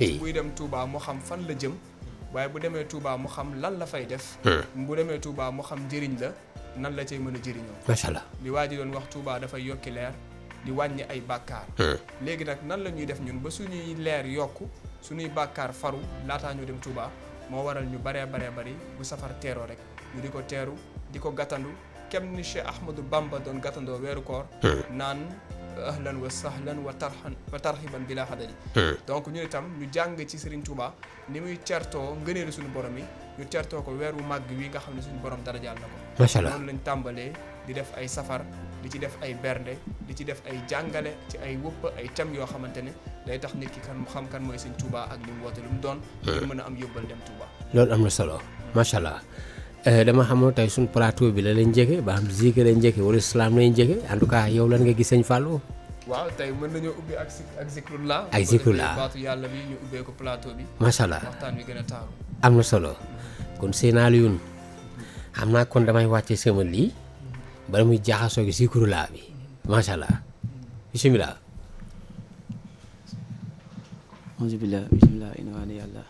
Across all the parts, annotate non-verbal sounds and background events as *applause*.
buy dem Touba mu xam fan la jëm waaye bu demee Touba mu xam lan la fay def hmm. bu demee Touba mu xam njëriñ la nan la cay mën a jëriñoo macha allah li waa ji doon wax Touba dafay yokki leer di wàññi ay bàkkaar hmm. léegi nag nan la ñuy def ñun ba suñuy leer yokku suñuy bàkkaar faru laataa ñu dem Touba moo waral ñu baree baree bari bu safar teeroo rek ñu di ko teeru di ko gàttandu kem ni Cheikh Ahmadou Bamba doon gàttandoo weeru koor hmm. naan lan wa sahlan wa tarhan wa tarhiban bila hadari donc ñu itam ñu jàng ci Serigne Touba ni muy certoo ngëneelu suñu borom yi ñu certoo ko weer wu màgg wi nga xam ne suñu borom dara jaal na ko macha allah noonu lañ tàmbalee di def ay safar di ci def ay bernde di ci def ay jàngale ci ay wëpp ay thèmes yoo xamante ne day tax nit ki kan mu xam kan mooy Serigne Touba ak li mu woote lu mu doon ngir mën a am yóbbal dem Touba loolu am na solo macha allah Eh, dama xamoo tey suñu plateau bi la lañ njëkkee ba xam Zik lañ njëkkee wala islam lañ njëkkee en tout cas yow lan nga gis sañ Fallou. waaw mën nañoo ubbi ak ak zikrullah ak zikrullah baatu yàlla bi ñu ubbee bi. macha allah a taaru. am na solo kon seenaal yun xam naa kon damay wàcce sama lii bala muy jaaxasoo gi zikrullah bi macha allah bisimilah. bisimilah bisimilah.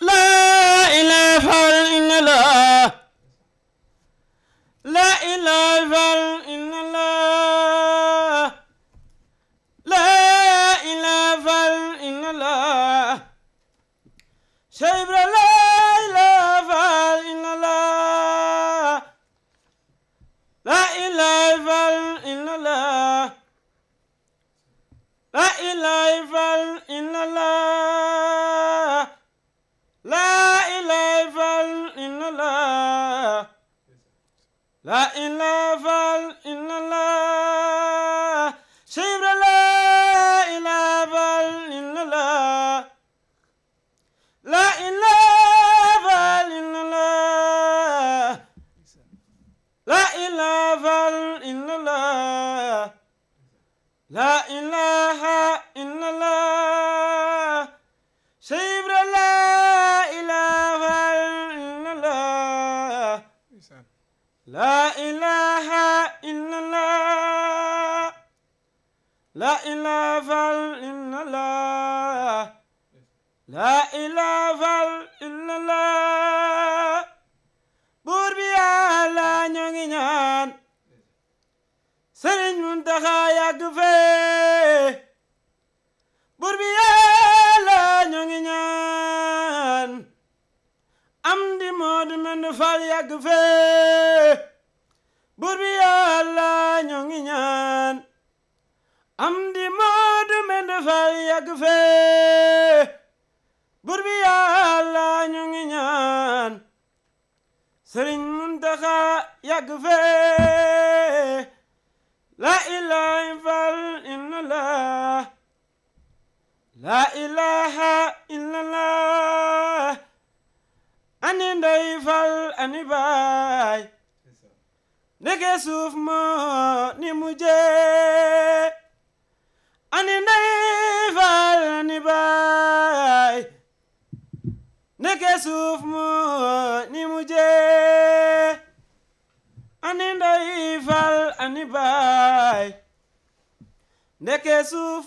لا إله إلا الله لا إله إلا الله لا إله إلا الله شيب لا إله إلا الله لا إله إلا الله لا إله إلا الله la ilaha illallah إله إلا الله لا إله إلا الله بربي على نعنيان سرين من تخايا كفي بربي على نعنيان أمدي مود من فاليا كفي بربي على نعنيان yàgg fee bur bi yàlla ñu ngi ñaan sëriñ Muntaxa yàgg fee la ilaha infal illallah la ilaha illallah ani ndey fal ani baay ndeke suuf moo ni mujjee ani ndey fal ni baay ndeke suuf moo ni mujje ani ndey fal baay ndeke suuf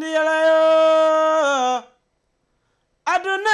di yàlla yoo aduna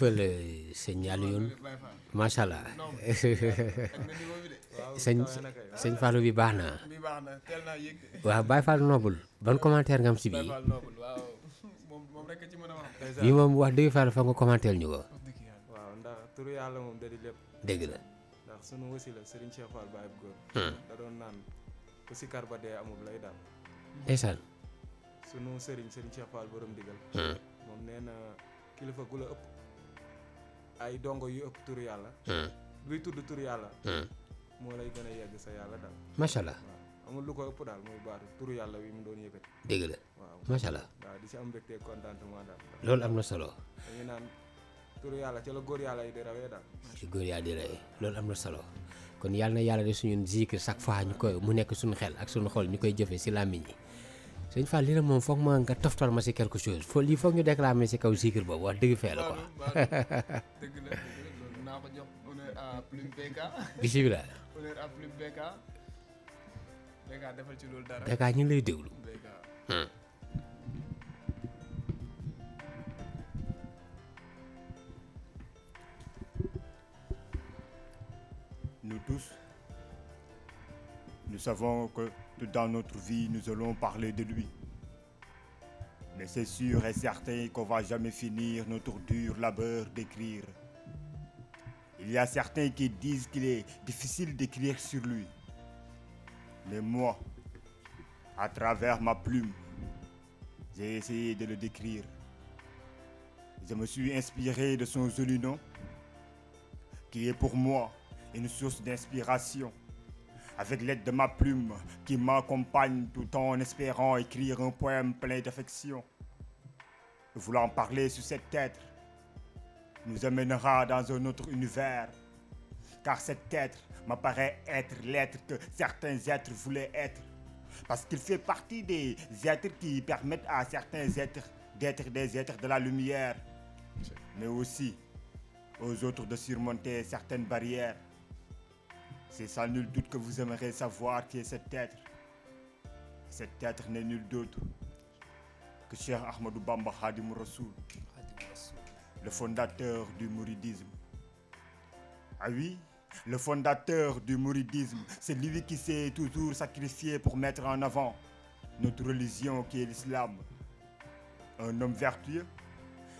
jaajëfal sëñ Alioune macha allah *laughs* sëñ sëñ Fallou bi baax na waaw Baye Fall noble ban commentaire nga am si bii bii moom wax dëgg Fall fa nga commentaire ñu ko. waaw ndax turu yàlla moom da di lépp. dëgg la. ndax sunu wasila Serigne Cheikh Fall Baye Góor. Hmm. da doon naan ku si kar ba dee amul lay daal. ndeysaan. sunu Serigne Serigne Cheikh Fall borom digal. Hmm. moom nee na kilifa gu la ëpp ay dongo yu ëpp turu yàlla. Hmm. luy tudd turu yàlla. Hmm. moo a yàlla daal. macha allah amul lu ko ëpp daal muy baatu turu yàlla wi mu doon yëkkati. dëgg la waaw macha allah. waaw di si am mbégte contentement daal. loolu am na solo. dañuy naan turu yàlla ci la góor yàlla yi di rawee daal. ci góor yàlla di rawee loolu am na solo kon yàlla na yàlla de suñu zikr chaque fois ñu koy mu nekk suñu xel ak suñu xol ñu koy jëfee si làmmiñ yi sëñ Fall li nag moom foog ma nga toftal ma si quelque chose fo lii foog ñu déclamer si kaw zikir boobu wax dëgg fee la ko jox honneur à Plume BK. bisimilah. defal ci loolu dara. ñu ngi lay déglu. dans notre vie, nous allons parler de lui. Mais c'est sûr et certain qu'on va jamais finir notre dur labeur d'écrire. Il y a certains qui disent qu'il est difficile d'écrire sur lui. Mais moi, à travers ma plume, j'ai essayé de le décrire. Je me suis inspiré de son joli nom, qui est pour moi une source d'inspiration. avec l'aide de ma plume qui m'accompagne tout en espérant écrire un poème plein d'affection. Voulant parler sur cet être nous amènera dans un autre univers, car cet être m'apparaît être l'être que certains êtres voulaient être, parce qu'il fait partie des êtres qui permettent à certains êtres d'être des êtres de la lumière, mais aussi aux autres de surmonter certaines barrières. C'est sans nul doute que vous aimerez savoir qui est cet être. Cet être n'est nul d'autre que Cheikh Ahmadou Bamba Khadim Rassoul, le fondateur du mouridisme. Ah oui, le fondateur du mouridisme, c'est lui qui s'est toujours sacrifié pour mettre en avant notre religion qui est l'islam. Un homme vertueux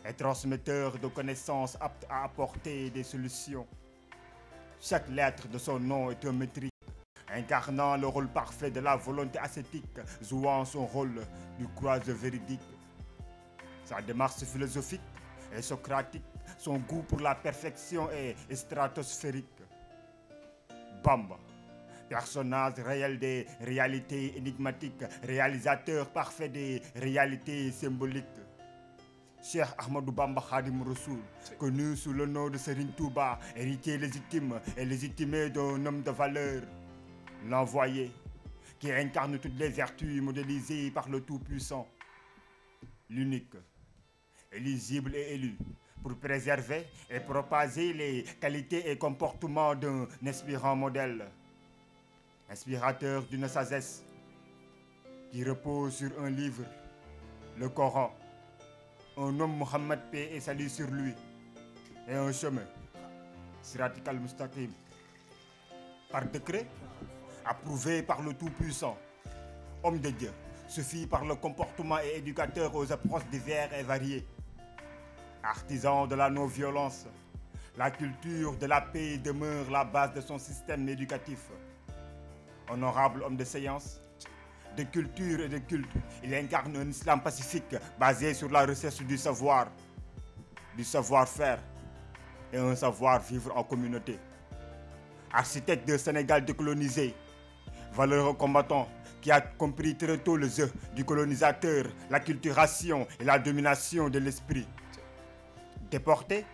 et transmetteur de connaissances aptes à apporter des solutions Chaque lettre de son nom est un métrique, incarnant le rôle parfait de la volonté ascétique, jouant son rôle du croiseur véridique. Sa démarche philosophique et socratique, son goût pour la perfection est stratosphérique. Bamba, personnage réel des réalités énigmatiques, réalisateur parfait des réalités symboliques. Cheikh Ahmadou Bamba Khadim Rassoul, connu sous le nom de Serigne Touba, héritier légitime et légitimé d'un homme de valeur, l'envoyé, qui incarne toutes les vertus modélisées par le Tout-Puissant, l'unique, éligible et élu, pour préserver et propager les qualités et comportements d'un inspirant modèle, inspirateur d'une sagesse qui repose sur un livre, le Coran. un homme Mohammed paix et salut sur lui et un chemin siratikal mustaqim par décret approuvé par le Tout-Puissant homme de Dieu se par le comportement et éducateur aux approches diverses et variées artisan de la non-violence la culture de la paix demeure la base de son système éducatif honorable homme de séance de culture et de culte. Il incarne un islam pacifique basé sur la recherche du savoir, du savoir-faire et un savoir-vivre en communauté. Architecte d'un Sénégal décolonisé, valeureux combattant qui a compris très tôt le jeu du colonisateur, la culturation et la domination de l'esprit. Déporté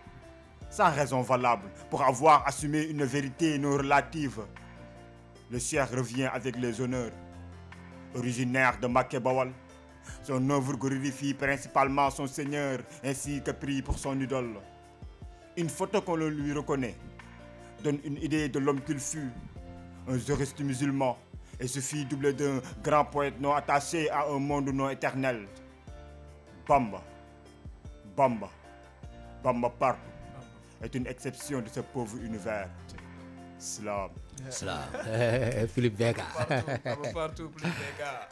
sans raison valable pour avoir assumé une vérité non relative. Le cher revient avec les honneurs. originaire de Makebawal. Son œuvre glorifie principalement son Seigneur ainsi que prie pour son idole. Une photo qu'on le lui reconnaît donne une idée de l'homme qu'il fut, un juriste musulman, et se doublé d'un grand poète non attaché à un monde non éternel. Bamba, Bamba, Bamba partout est une exception de ce pauvre univers. salaam *laughs* Philippe Beka *laughs*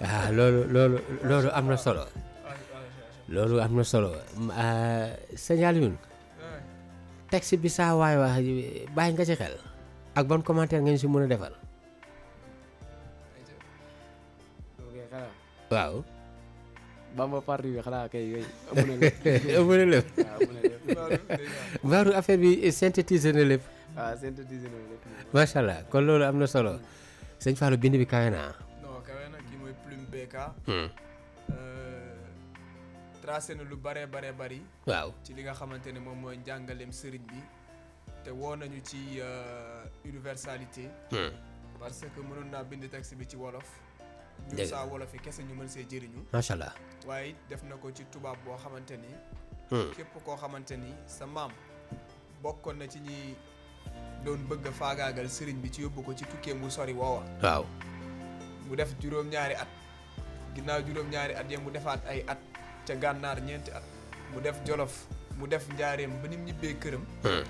ah, loolu loolu am na solo loolu am na solo ah, señal yun texte bi saa waay wax bàyyi nga ci xel ak ban commentaire ngeen si mën a defal waaw Bamba parti bi xanaa *laughs* affaire bi synthétiser a lépp waaw synthétisé nañu lépp. macha allah kon loolu am na solo. sëñ Fallou bind bi kawe naa. non kawe na mooy plume BK. Hmm. Euh, tracé na lu bare bare bari. waaw ci li nga xamante ne moom mooy njàngaleem sëriñ bi. te woo nañu ci euh, universalité. Hmm. parce que mënoon naa bind texte bi ci wolof. ñu saa wolof yi kese ñu mën see jëriñu. macha allah waaye it def na ko ci tubaab boo xamante ni. Hmm. képp koo xamante ni sa maam bokkoon na ci ñi. doon bëgg a faagaagal sëriñ bi ci yóbbu ko ci tukkeem bu sori woowa. waaw. mu def juróom-ñaari at ginnaaw juróom-ñaari at ya mu defaat ay at ca gànnaar ñeenti at mu def jolof mu def njaareem ba ni mu ñibbee këram. Hmm.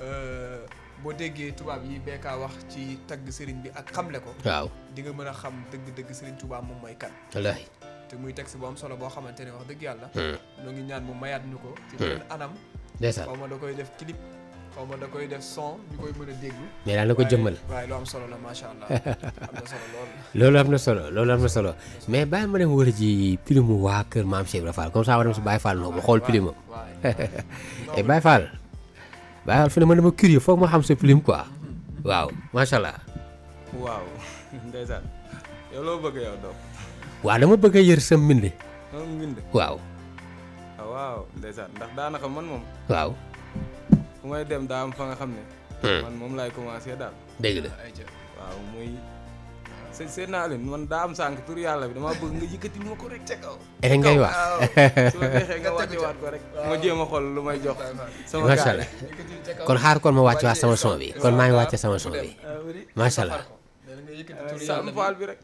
Euh, boo déggee tubaab yi beekaa wax ci tagg sëriñ bi ak xamle ko. waaw di nga mën a xam dëgg-dëgg sëriñ Tuubaa moom mooy kan. wallaahi. te muy teg si bu am solo boo xamante ne wax dëgg yàlla. ñoo hmm. ngi ñaan mu mayaat ñu ko. ci hmm. benn anam. xaw ma da def clip. xaw ma da koy mais daal ko jëmmal solo la macha *laughs* loolu am na solo loolu am na solo mais bàyyi ma dem wër ji pilimu waa kër maam Cheikh Ibra Fall comme ça ma dem si Baye Fall noonu ma xool pilimam. *laughs* et eh, Baye Fall Baye Fall fi ne ma dama curieux foog ma xam sa pilim quoi waaw macha allah. waaw *laughs* ndeysaan bëgg yow doom. waaw dama bëgg yër sa mbind. Ah, ndax daanaka man waaw. fu may dem daa am fa nga xam ne. Hmm. man moom laay commencé daal. dégg la waaw muy. sëñ sëñ naa leen man daa am sànq tur yàlla bi damaa bëgg nga yëkkatil ma ko rek ca kaw. rek *laughs* ngay wax su ma neexee nga *laughs* wàccewaat ko rek. ma jéem a xool lu may jox. macha allah kon xaar kon ma wàcce waat sama son bi kon maa ngi wàcce sama son bi macha allah. sàmm faal bi rek.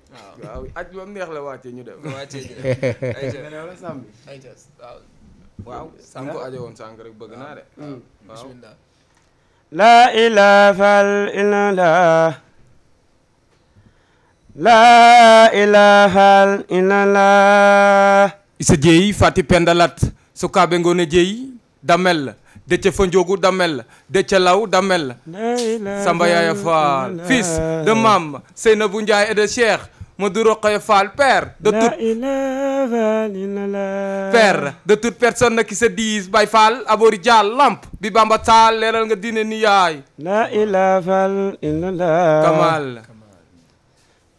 waaw aj ba mu neex la wàcce ñu dem. wàcce ñu dem. *laughs* waaw sànq ko eh? aje woon sànq rek bëgg naa de ah. mm. bismillah la ilaha illallah la ilaha jeey damel Déthié Fa Ndiogou Damel Déthié Law Damel Samba Yaaya Faal fils de Mame Seynabou Ndiaye et Cheikh mu du Rokhaya Fall père de toute père de toute personne qui se dise Baye Fall lamp bi Bamba taal leeral nga diine ni yaay la ilaha illallah kamal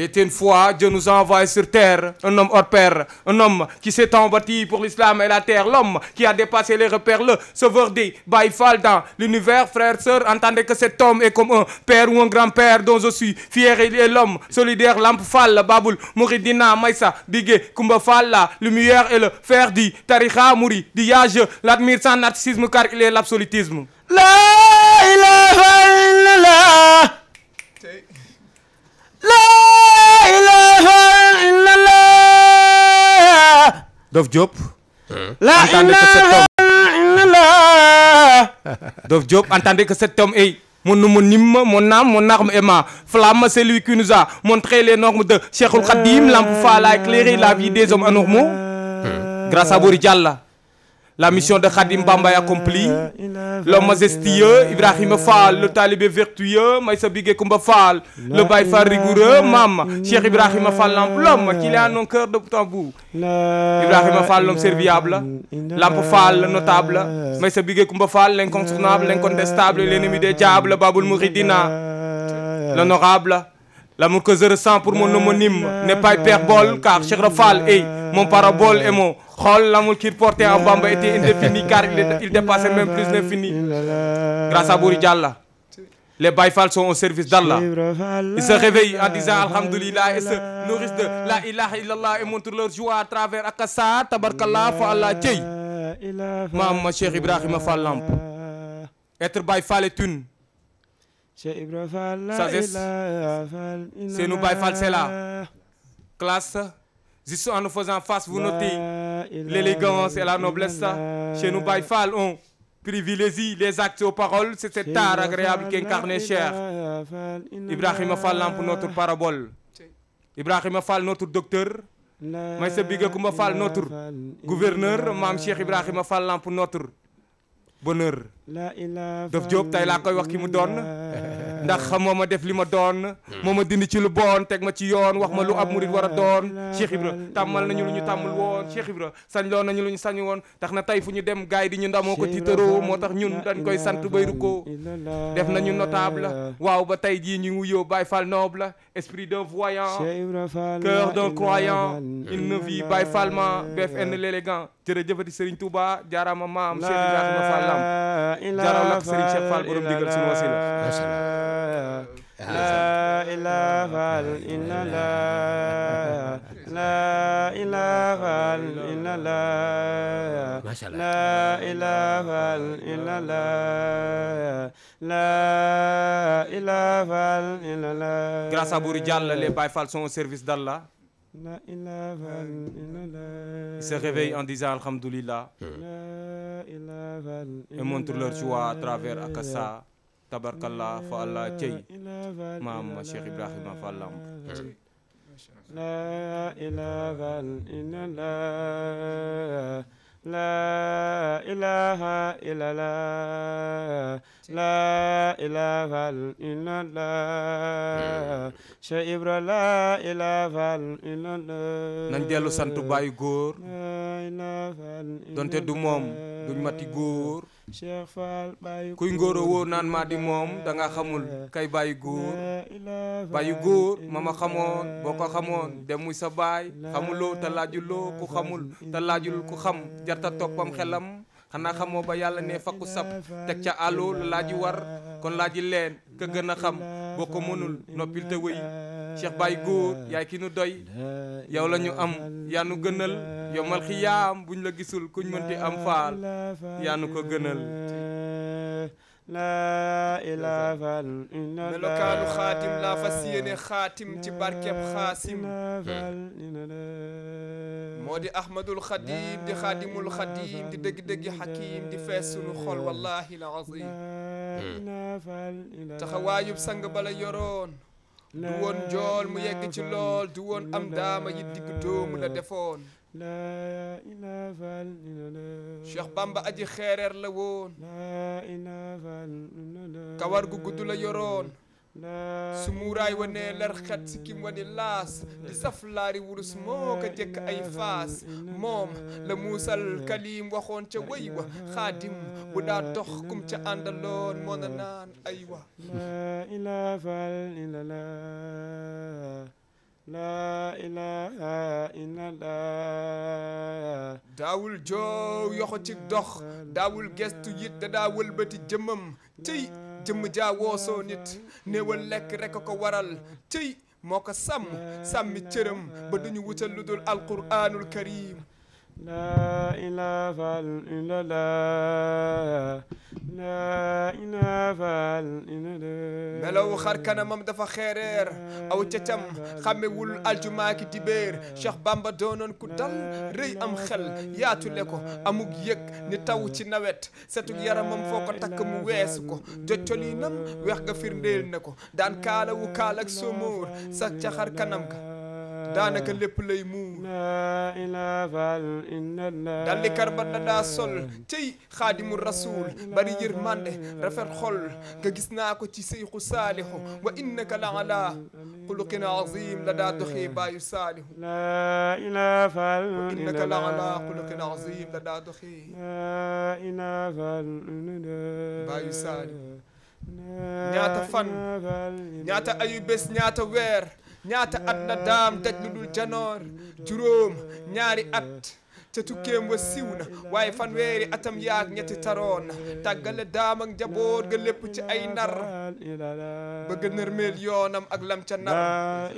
L'étienne foi, Dieu nous envoie sur terre un homme hors pair, un homme qui s'est bâti pour l'islam et la terre, l'homme qui a dépassé les repères, le sauveur des Baïfal dans l'univers, frères, sœurs, entendez que cet homme est comme un père ou un grand-père dont je suis fier, il l'homme solidaire, lampe Fall, Baboul, Mouridina, Maïssa, Digue, Kumba la lumière et le fer dit Tariqa Mouri, Diage, l'admire sans narcissisme car il est l'absolutisme. La ilaha illallah. La Dof Diop. la ilaha illallah. Dof Diop entendez que cet homme est mon homonyme, mon âme, mon arme et ma flamme, c'est lui qui nous a montré les normes de Cheikhoul Khadim, l'ampoufal a éclairé la vie des hommes anormaux. Hmm. Grâce à Bouri Diallo. La mission de Khadim Bamba est L'homme majestueux, Ibrahim Fall, le talibé vertueux, Maïssa Bigé Kumba Fall, le baïfar rigoureux, Mam, Cheikh Ibrahim Fall, l'homme qu'il a en cœur de bout en bout. Ibrahim Fall, l'homme serviable, Lampe Fall, le notable, Maïssa Bigé Kumba Fall, l'incontournable, l'incontestable, l'ennemi des diables, Baboul Mouridina, l'honorable. L'amour que je pour mon homonyme n'est pas hyperbole car Cheikh Rafal est mon parabole et mon xool l'amour qu'il portait en Bamba était indéfini car il dépassait même plus l'infini grâce à Bouri Dialla les Baye Fall sont service d'Allah ils se réveillent en alhamdulillah et se de la ilaha illallah et montrent leur joie à travers akasa tabarkallah fa Allah cey maam ma Cheikh Ibrahima Fall Lamp être Baye sagesse Seynou Baye Fall c'est là classe juste en nous faisant face vous notez l'élégance et la noblesse chez nous Baye Fall on privilégie les actes aux paroles c'est cet art agréable qu'incarne Cheikh Ibrahima Fall lamp notre parabole Ibrahima Fall notre docteur Maïssa Biga Koumba Fall notre gouverneur Maam Cheikh Ibrahima Fall lamp notre bonheur daf jóob tey laa koy wax ki mu doon ndax moo ma def li ma doon hmm. moo ma dind ci lu bon teg ma ci yoon wax ma lu am murit war a doon Cheikh Ibra tàmmal nañu lu ñu tàmmul woon Cheikh Ibra sañ loon nañu lu ñu sañ woon tax na tey fu ñu dem gaay di ñu ndamoo ko tiitaroo moo tax ñun dañ koy sant bayru ko def na nañu notable waaw ba tey jii ñu wuyoo Baay Fall noble esprit d'un voyant cœur d'un croyant une vie Baye Fall ma BFN l'élégant jërëjëfati Serigne Touba jaarama maam Cheikh Ibrahima Fall lam jaaraw lak Serigne Cheikh Fall borom digal sunu wasila لا إله إلا الله لا إله إلا الله لا إله إلا الله لا إله إلا الله grâce à Bouri Dial les Baye Fall sont au service d'Allah لا إله إلا الله ils se réveillent en disant Alhamdulillah لا إله إلا الله et montrent leur joie à travers Akassa tabarkalla fa allah cey maam Cheikh Ibrahima Fall Lamp la ilaha illallah la ilaha illallah لا إله إلا الله Cheikh Ibra la ilaha illa dellu sant bàyyi góor donte du moom duñ mati góor kuy ngóoro wóor naan maa di moom da nga xamul kay bàyyi góor bàyyi góor ma ma xamoon boo ko xamoon dem sa baay xamuloo te laajuloo ku xamul te ku xam jarta toppam xelam xanaa xamoo ba yàlla ne fakku sab teg ca àllu la laaji war kon laaji leen ka gën a xam boo ko mënul noppil te wëy cheikh baay góor yaay ki nu doy yow lañu ñu am yaa nu gënal yomal xiyaam buñ la gisul kuñ mënti am faal yaa nu ko gënal melokaanu xaatim laa fas yéene xaatim ci barkeb xaasim moo di ahmadul xadim di xadimul xadim di dëgg-dëggi xakim di fees sunu xol wallahi la azim hmm. taxawaayub sang bala yoroon du woon mu yegg ci lool du am daama yi digg dóomu la defoon Cheikh Bamba aji xeereer la woon kawar gu gudd la yoroon su muuraay wa nee lar xet si kim wa di laas di saf wurus moo ko jëkk ay faas moom la muusal kalim waxoon ca way wa xaadim bu daa dox kum ca àndaloon moo na naan ay laa ilaaha illallah laa ilaaha joow yoxo ci dox daawul gestu yit da daa wëlbati jëmmam tey jëmm jaa woosoo nit néewal lekk rek ko waral cëy moo ko sàmm sàmmi cëram ba duñu wutal lu dul alquraanul karim لا إله إلا الله لا إله إلا الله melawu xar kanamam dafa xeereer aw cacam xàmmewul aljumaaki dibéer Cheikh Bamba doonoon ku dal rëy am xel yaatule ko amug yëg ni taw ci nawet setug yaramam foo ko takk mu weesu ko joccoliinam weex ga firndeel na ko daan kaalawu kaal ak sóomóor sax ca xar kanam ga daanaka lépp lay muur laa ilaaha illallah daa sol cey xaadimu rasul bari yërmande rafet xol nga gis naa ko ci seyxu saalihu wa innaka la ala xuluqin la daa doxee baayu saalihu saalihu ñaata fan ñaata ayu bés weer ñaata at na daam daj lu janoor juróom ñaari at ca tukkeem wa siw na waaye fanweeri atam yaag ñetti taroon na tàggale daam ak njaboot ga lépp ci ay nar bëgg nërmeel yoonam ak lam ca nar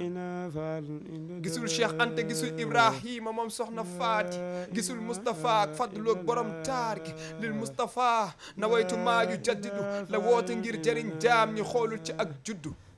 gisul Cheikh Anta gisul Ibrahima moom soxna Faati gisul Moustapha ak fadloog borom taar lil Moustapha na waytu maaju jaddidu la woote ngir jëriñ jaam ñi xoolul ci ak juddu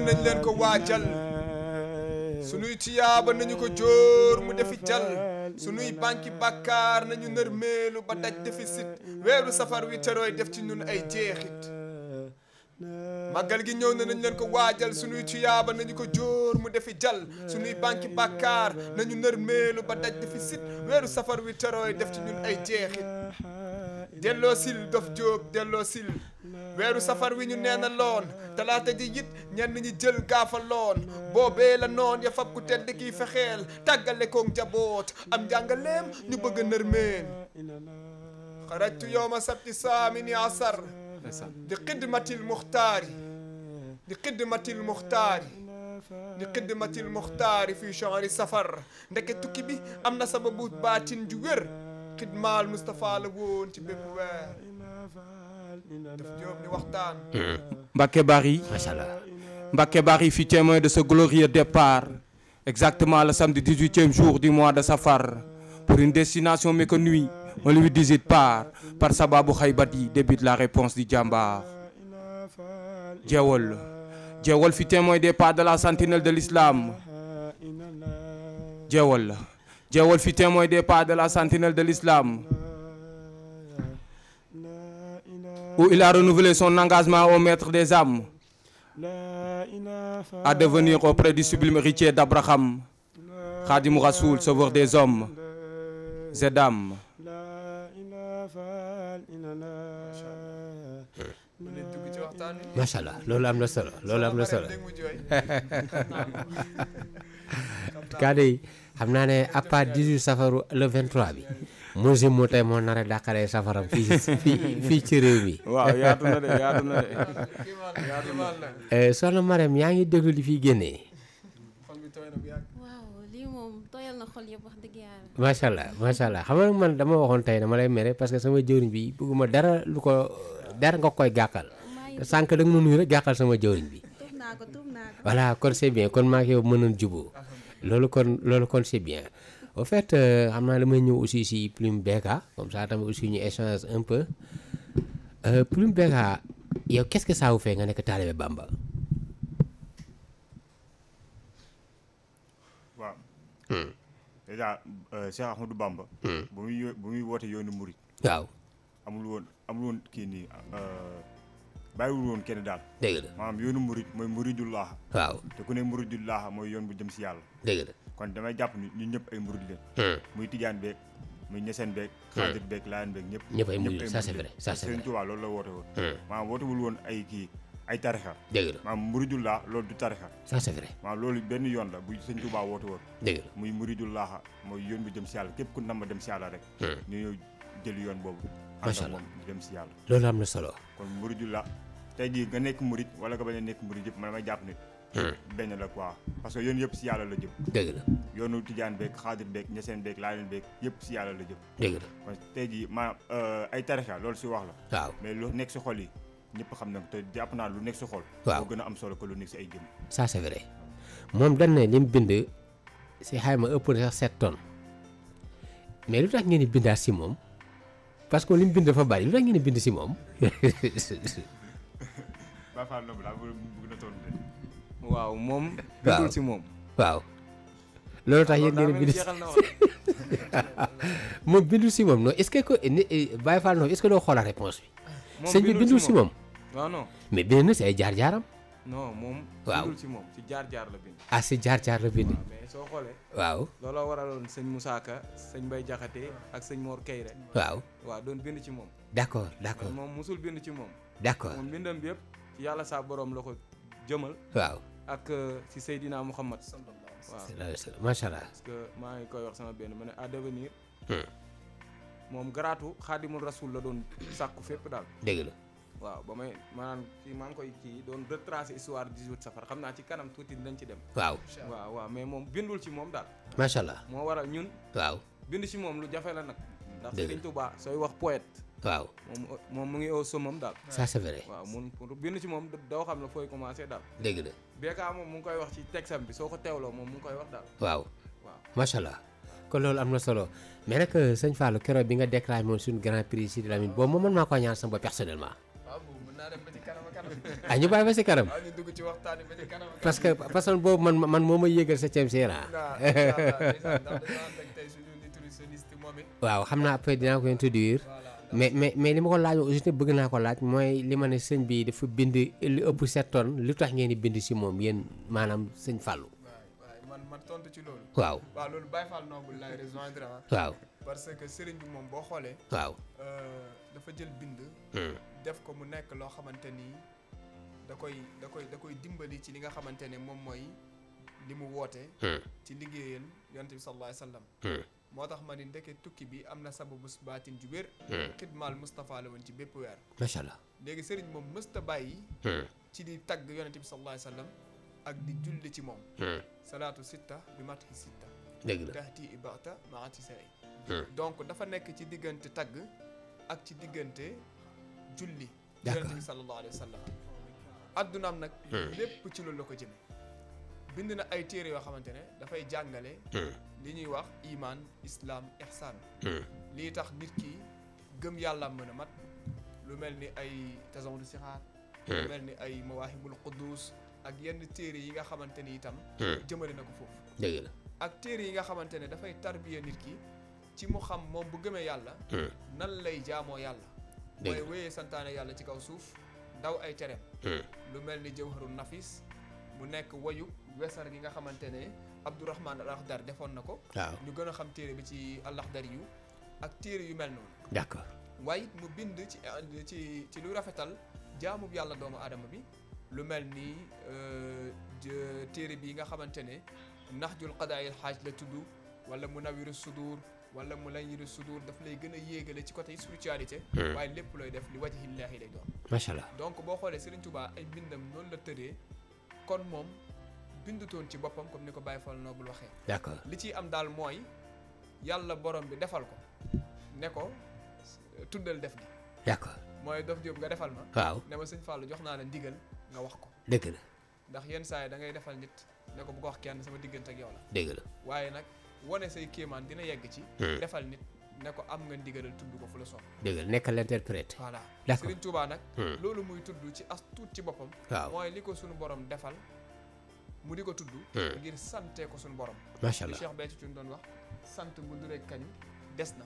néew nañ leen ko waajal sunuy tuyaaba nañu ko jóor mu defi jal sunuy banki bàkkaar nañu nërmeelu ba daj weeru safar wi terooy def ci ñun ay jeexit màggal gi ñëw na nañ leen ko waajal sunuy tuyaaba nañu ko jóor mu defi jal sunuy banki bàkkaar nañu nërmeelu ba daj déficit weeru safar wi terooy def ci ñun ay jeexit delloo sil jóob delloo weeru safar wi ñu neena loon talaata ji it ñenn ñi jël gaafa loon boobee la noon ya fab ku tedd kii fexeel tàggale koog njaboot am njàngaleem ñu bëgg a nërmeen xarajtu yowma sabti saamini asar di xidmatil muxtaari di xidmatil muxtaari li xidmatil muxtaari fii chahri safar ndeke tukki bi am na sababu baatin ju wér xidmaal la woon ci bépp Mbacké Barry Mbacké Barry fut témoin de ce glorieux départ exactement le samedi 18e jour du mois de Safar pour une destination méconnue on lui visite par par Sababou Khaybati débute la réponse du Jambar Djewol Djewol fut témoin des pas de la sentinelle de l'islam de la sentinelle de l'islam où il a renouvelé son engagement au maître des âmes à devenir auprès du sublime héritier d'Abraham, Khadim Rasoul, sauveur des hommes et d'âmes. macha allah loolu am na solo loolu am na solo *laughs* kaddu yi xam naa ne à part 18 safaru le 23 musim mu tey moo nar a dàqalee safaram fii fii ci réew mi. solo yaatu *laughs* eh, yaa ngi déglu li fiy génnee. waaw lii yëpp wax dëgg yàlla. macha allah macha allah xam nga man dama waxoon tey dama lay mere parce que sama jëwriñ bi bëgguma dara lu ko dara nga koy gàkkal te sànq da nga ma nuyu rek gàkkal sama jëwriñ bi. voilà kon c'est kon maa ngi mën mënoon juboo loolu kon loolu kon c'est bien. au fait euh, xam naa damay ñëw aussi si Plume BK comme ça tamit aussi ñu échange un peu euh, Plume BK yow qu'est-ce que nga nekk taalibe Bamba. waaw. Hmm. dèjà euh, Cheikh Ahmadou hmm. muy bu muy woote yoonu Mouride. waaw. amul woon amul woon kii nii bàyyiwul woon kenn daal. dëgg la maanaam yoonu Mouride mooy Mouridul Laaha. waaw te ku ne Mouridul Laaha mooy yoon bu jëm si yàlla. dégg kon damay jàpp ni ñun ñëpp ay murid leen hmm. muy tijaan beeg muy ñeseen beeg xaadir hmm. beeg laayeen beeg ñëpp ñëpp ay murid ça c'est vrai ça c'est la woote woon hmm. maanaam wootewul woon ay kii ay tarixa dëgg la maanaam muridullaa loolu du tarixa ça c'est loolu benn yoon la bu sëñ Tuubaa woote woon dëgg la muy muridullaaha mooy yoon bi jëm si yàlla képp ku nam ma dem si yàlla rek ñu ñëw jël yoon boobu macha allah si yàlla loolu am na solo kon muridullaa te jii nga nekk murid wala nga bañ a nekk murid yëpp ma damay jàpp ni Hmm. benn la quoi parce yoon yëpp si yàlla la jëm dëgg la yoonu tijaan beeg xaadir beeg ñeseen beeg laayeen beeg yëpp si yàlla la jëm dëgg la kon tey jii maanaam euh, ay tarixa loolu si wax la waaw mais lu nekk si xol yi ñëpp xam na te jàpp naa lu nekk si xol waaw gën a am solo ko lu nekk ay jëm ça c'est moom dan ne lim bind si xayma ëpp na sax sept tonnes mais lu tax ngeen di bindaat si moom parce que lim bind dafa bari lu tax ngeen bind si moom *laughs* waaw moom. bindul *laughs* si moom. waaw loolu tax yéen ngeen bindu si *laughs* bindul si moom non est-ce que ko eh, Baye Fall non est-ce que doo xoolal réponse bi. sëñ bi bindul si moom. non non mais bind na si ay jaar-jaaram. non moom. waaw bindul si moom si jaar-jaar la bind. si ah, jaar-jaar la ah, mais soo xoolee. looloo waraloon sëñ Moussa Ka sëñ Mbaye Diakhaté ak sëñ Mor Kayre. waaw doon bind ci moom. d'accord d'accord moom mosul bind ci moom. d'accord moom bindam bi yëpp yàlla saa boroom la ko jëmal. waaw ak si euh, Seydina Mouhamad. waaw macha allah. parce que maa ngi koy wax sama benn ma ne à devenir. Hmm. moom garaatu xaadimul rasul la doon sàkku fépp daal. dëgg la. waaw ba may maanaam kii maa ngi koy kii doon retracer histoire 18 safar xam naa ci kanam tuuti dañ ci dem. waaw waaw waaw mais moom bindul ci moom daal. macha allah moo waral ñun. waaw bind ci moom lu jafe la nag. ndax Sëriñ Tuubaa sooy wax poète. waaw moom mu ngi au sommet daal. ça c'est waaw mun pour bind ci moom doo xam ne fooy commencé daal. dëgg la. Béka moom mu ngi koy wax ci texam bi soo ko teewloo moom mu ngi koy wax daal. waaw waaw macha allah kon loolu am na solo mais nag euh, sëñ Fallou keroog bi nga déclaré moom suñu grand prix si Lamine boobu moom mën maa ko ñaan sama bopp personnellement. waaw mën naa kanam *laughs* ah, dugg ci waxtaan parce que parce que boobu man man moo ma yëgal sa ceeb si waaw xam naa après dinaa ko introduire. mais mais mais li ma ko laaj aussi bëgg naa ko laaj mooy li ne sëñ bi dafa bind li ëpp sept tonnes li tax ngeen di bind si moom yéen maanaam sëñ waaye man man tontu ci loolu. waaw waaw loolu Baye Fall Noble lay rejoindre ah. waaw parce que sëriñ bi moom boo xoolee. waaw euh, dafa jël bind. Hmm. def ko mu nekk loo xamante nii da koy da koy da koy dimbali ci li nga xamante ne moom mooy li mu woote. Hmm. ci liggéeyal yonent bi sallallahu alayhi moo tax ma ni ndekke tukki bi am na sababu baatin ju wér. Hmm. xidmaal Moustapha la woon ci bépp weer. macha allah léegi sëriñ moom mësta bàyyi. Hmm. ci di tagg yonente bi sallallahu alayhi wa ak di julli ci moom. Hmm. salaatu sitta bi mat si sitta. dëgg na tahti ibata donc dafa nekk ci diggante tagg ak ci diggante julli. yonente bi sallallahu alayhi wa sallam addunaam nag. lépp ci loolu la ko jëmee. bind na ay téere yoo xamante ne dafay jàngale. Hmm. li ñuy wax iman islam ihsan hmm. lii tax nit ki gëm yàlla mën a mat lu mel ni ay tasawudu sixaar lu hmm. mel ni ay mawaahibul quddus ak yenn téere yi nga xamante ni itam. jëmale na ko foofu. ak téere yi nga xamante ne dafay tarbiya nit ki ci mu xam moom bu gëmee yàlla. nan lay jaamoo yàlla. mooy wéyee santaane yàlla ci kaw suuf daw ay tereem. lu mel ni jawharu nafis mu nekk wayu. wesar gi nga xamante ne Abdourahman Alaxdar defoon na ko. waaw ñu gën a xam téere bi ci Alaxdar yu ak téere yu mel noonu. d'accord waaye it mu bind ci ci ci lu rafetal jaamub yàlla doomu aadama bi lu mel ni euh, téere bi nga xamante ne naxjul qadaayil xaaj la tudd wala mu nawiru sudur wala mu lañiru sudur daf lay gën a yéegale ci côté spiritualité. Hmm. waaye lépp looy def li wajhi llaahi lay doon. donc boo xoolee Serigne Touba ay mbindam noonu la tëree kon moom bindutoon ci boppam comme ni ko Baye Fall Noble waxee. d'accord li ciy am daal mooy yàlla borom bi defal ko ne ko tuddal def gi. d'accord mooy Dof Diop nga defal ma. waaw ne ma sëñ Fall jox naa la ndigal nga wax ko. dëgg la ndax yenn saa yi da ngay defal nit ne ko bu ko wax kenn sama diggante ak yow la. dëgg la waaye nag wane say kéemaan dina yegg ci. Hmm. defal nit. ne ko am nga ndigalal tudd ko fu la soxla. dëgg la nekkal interprète. voilà Serigne Touba nag. Hmm. loolu muy tudd ci as tuut ci boppam. waaw li ko sunu borom defal. mu di ko tudd. Hmm. ngir sante ko suñu borom. macha allah li Cheikh Béthio doon wax sant bu nduree kañ des na.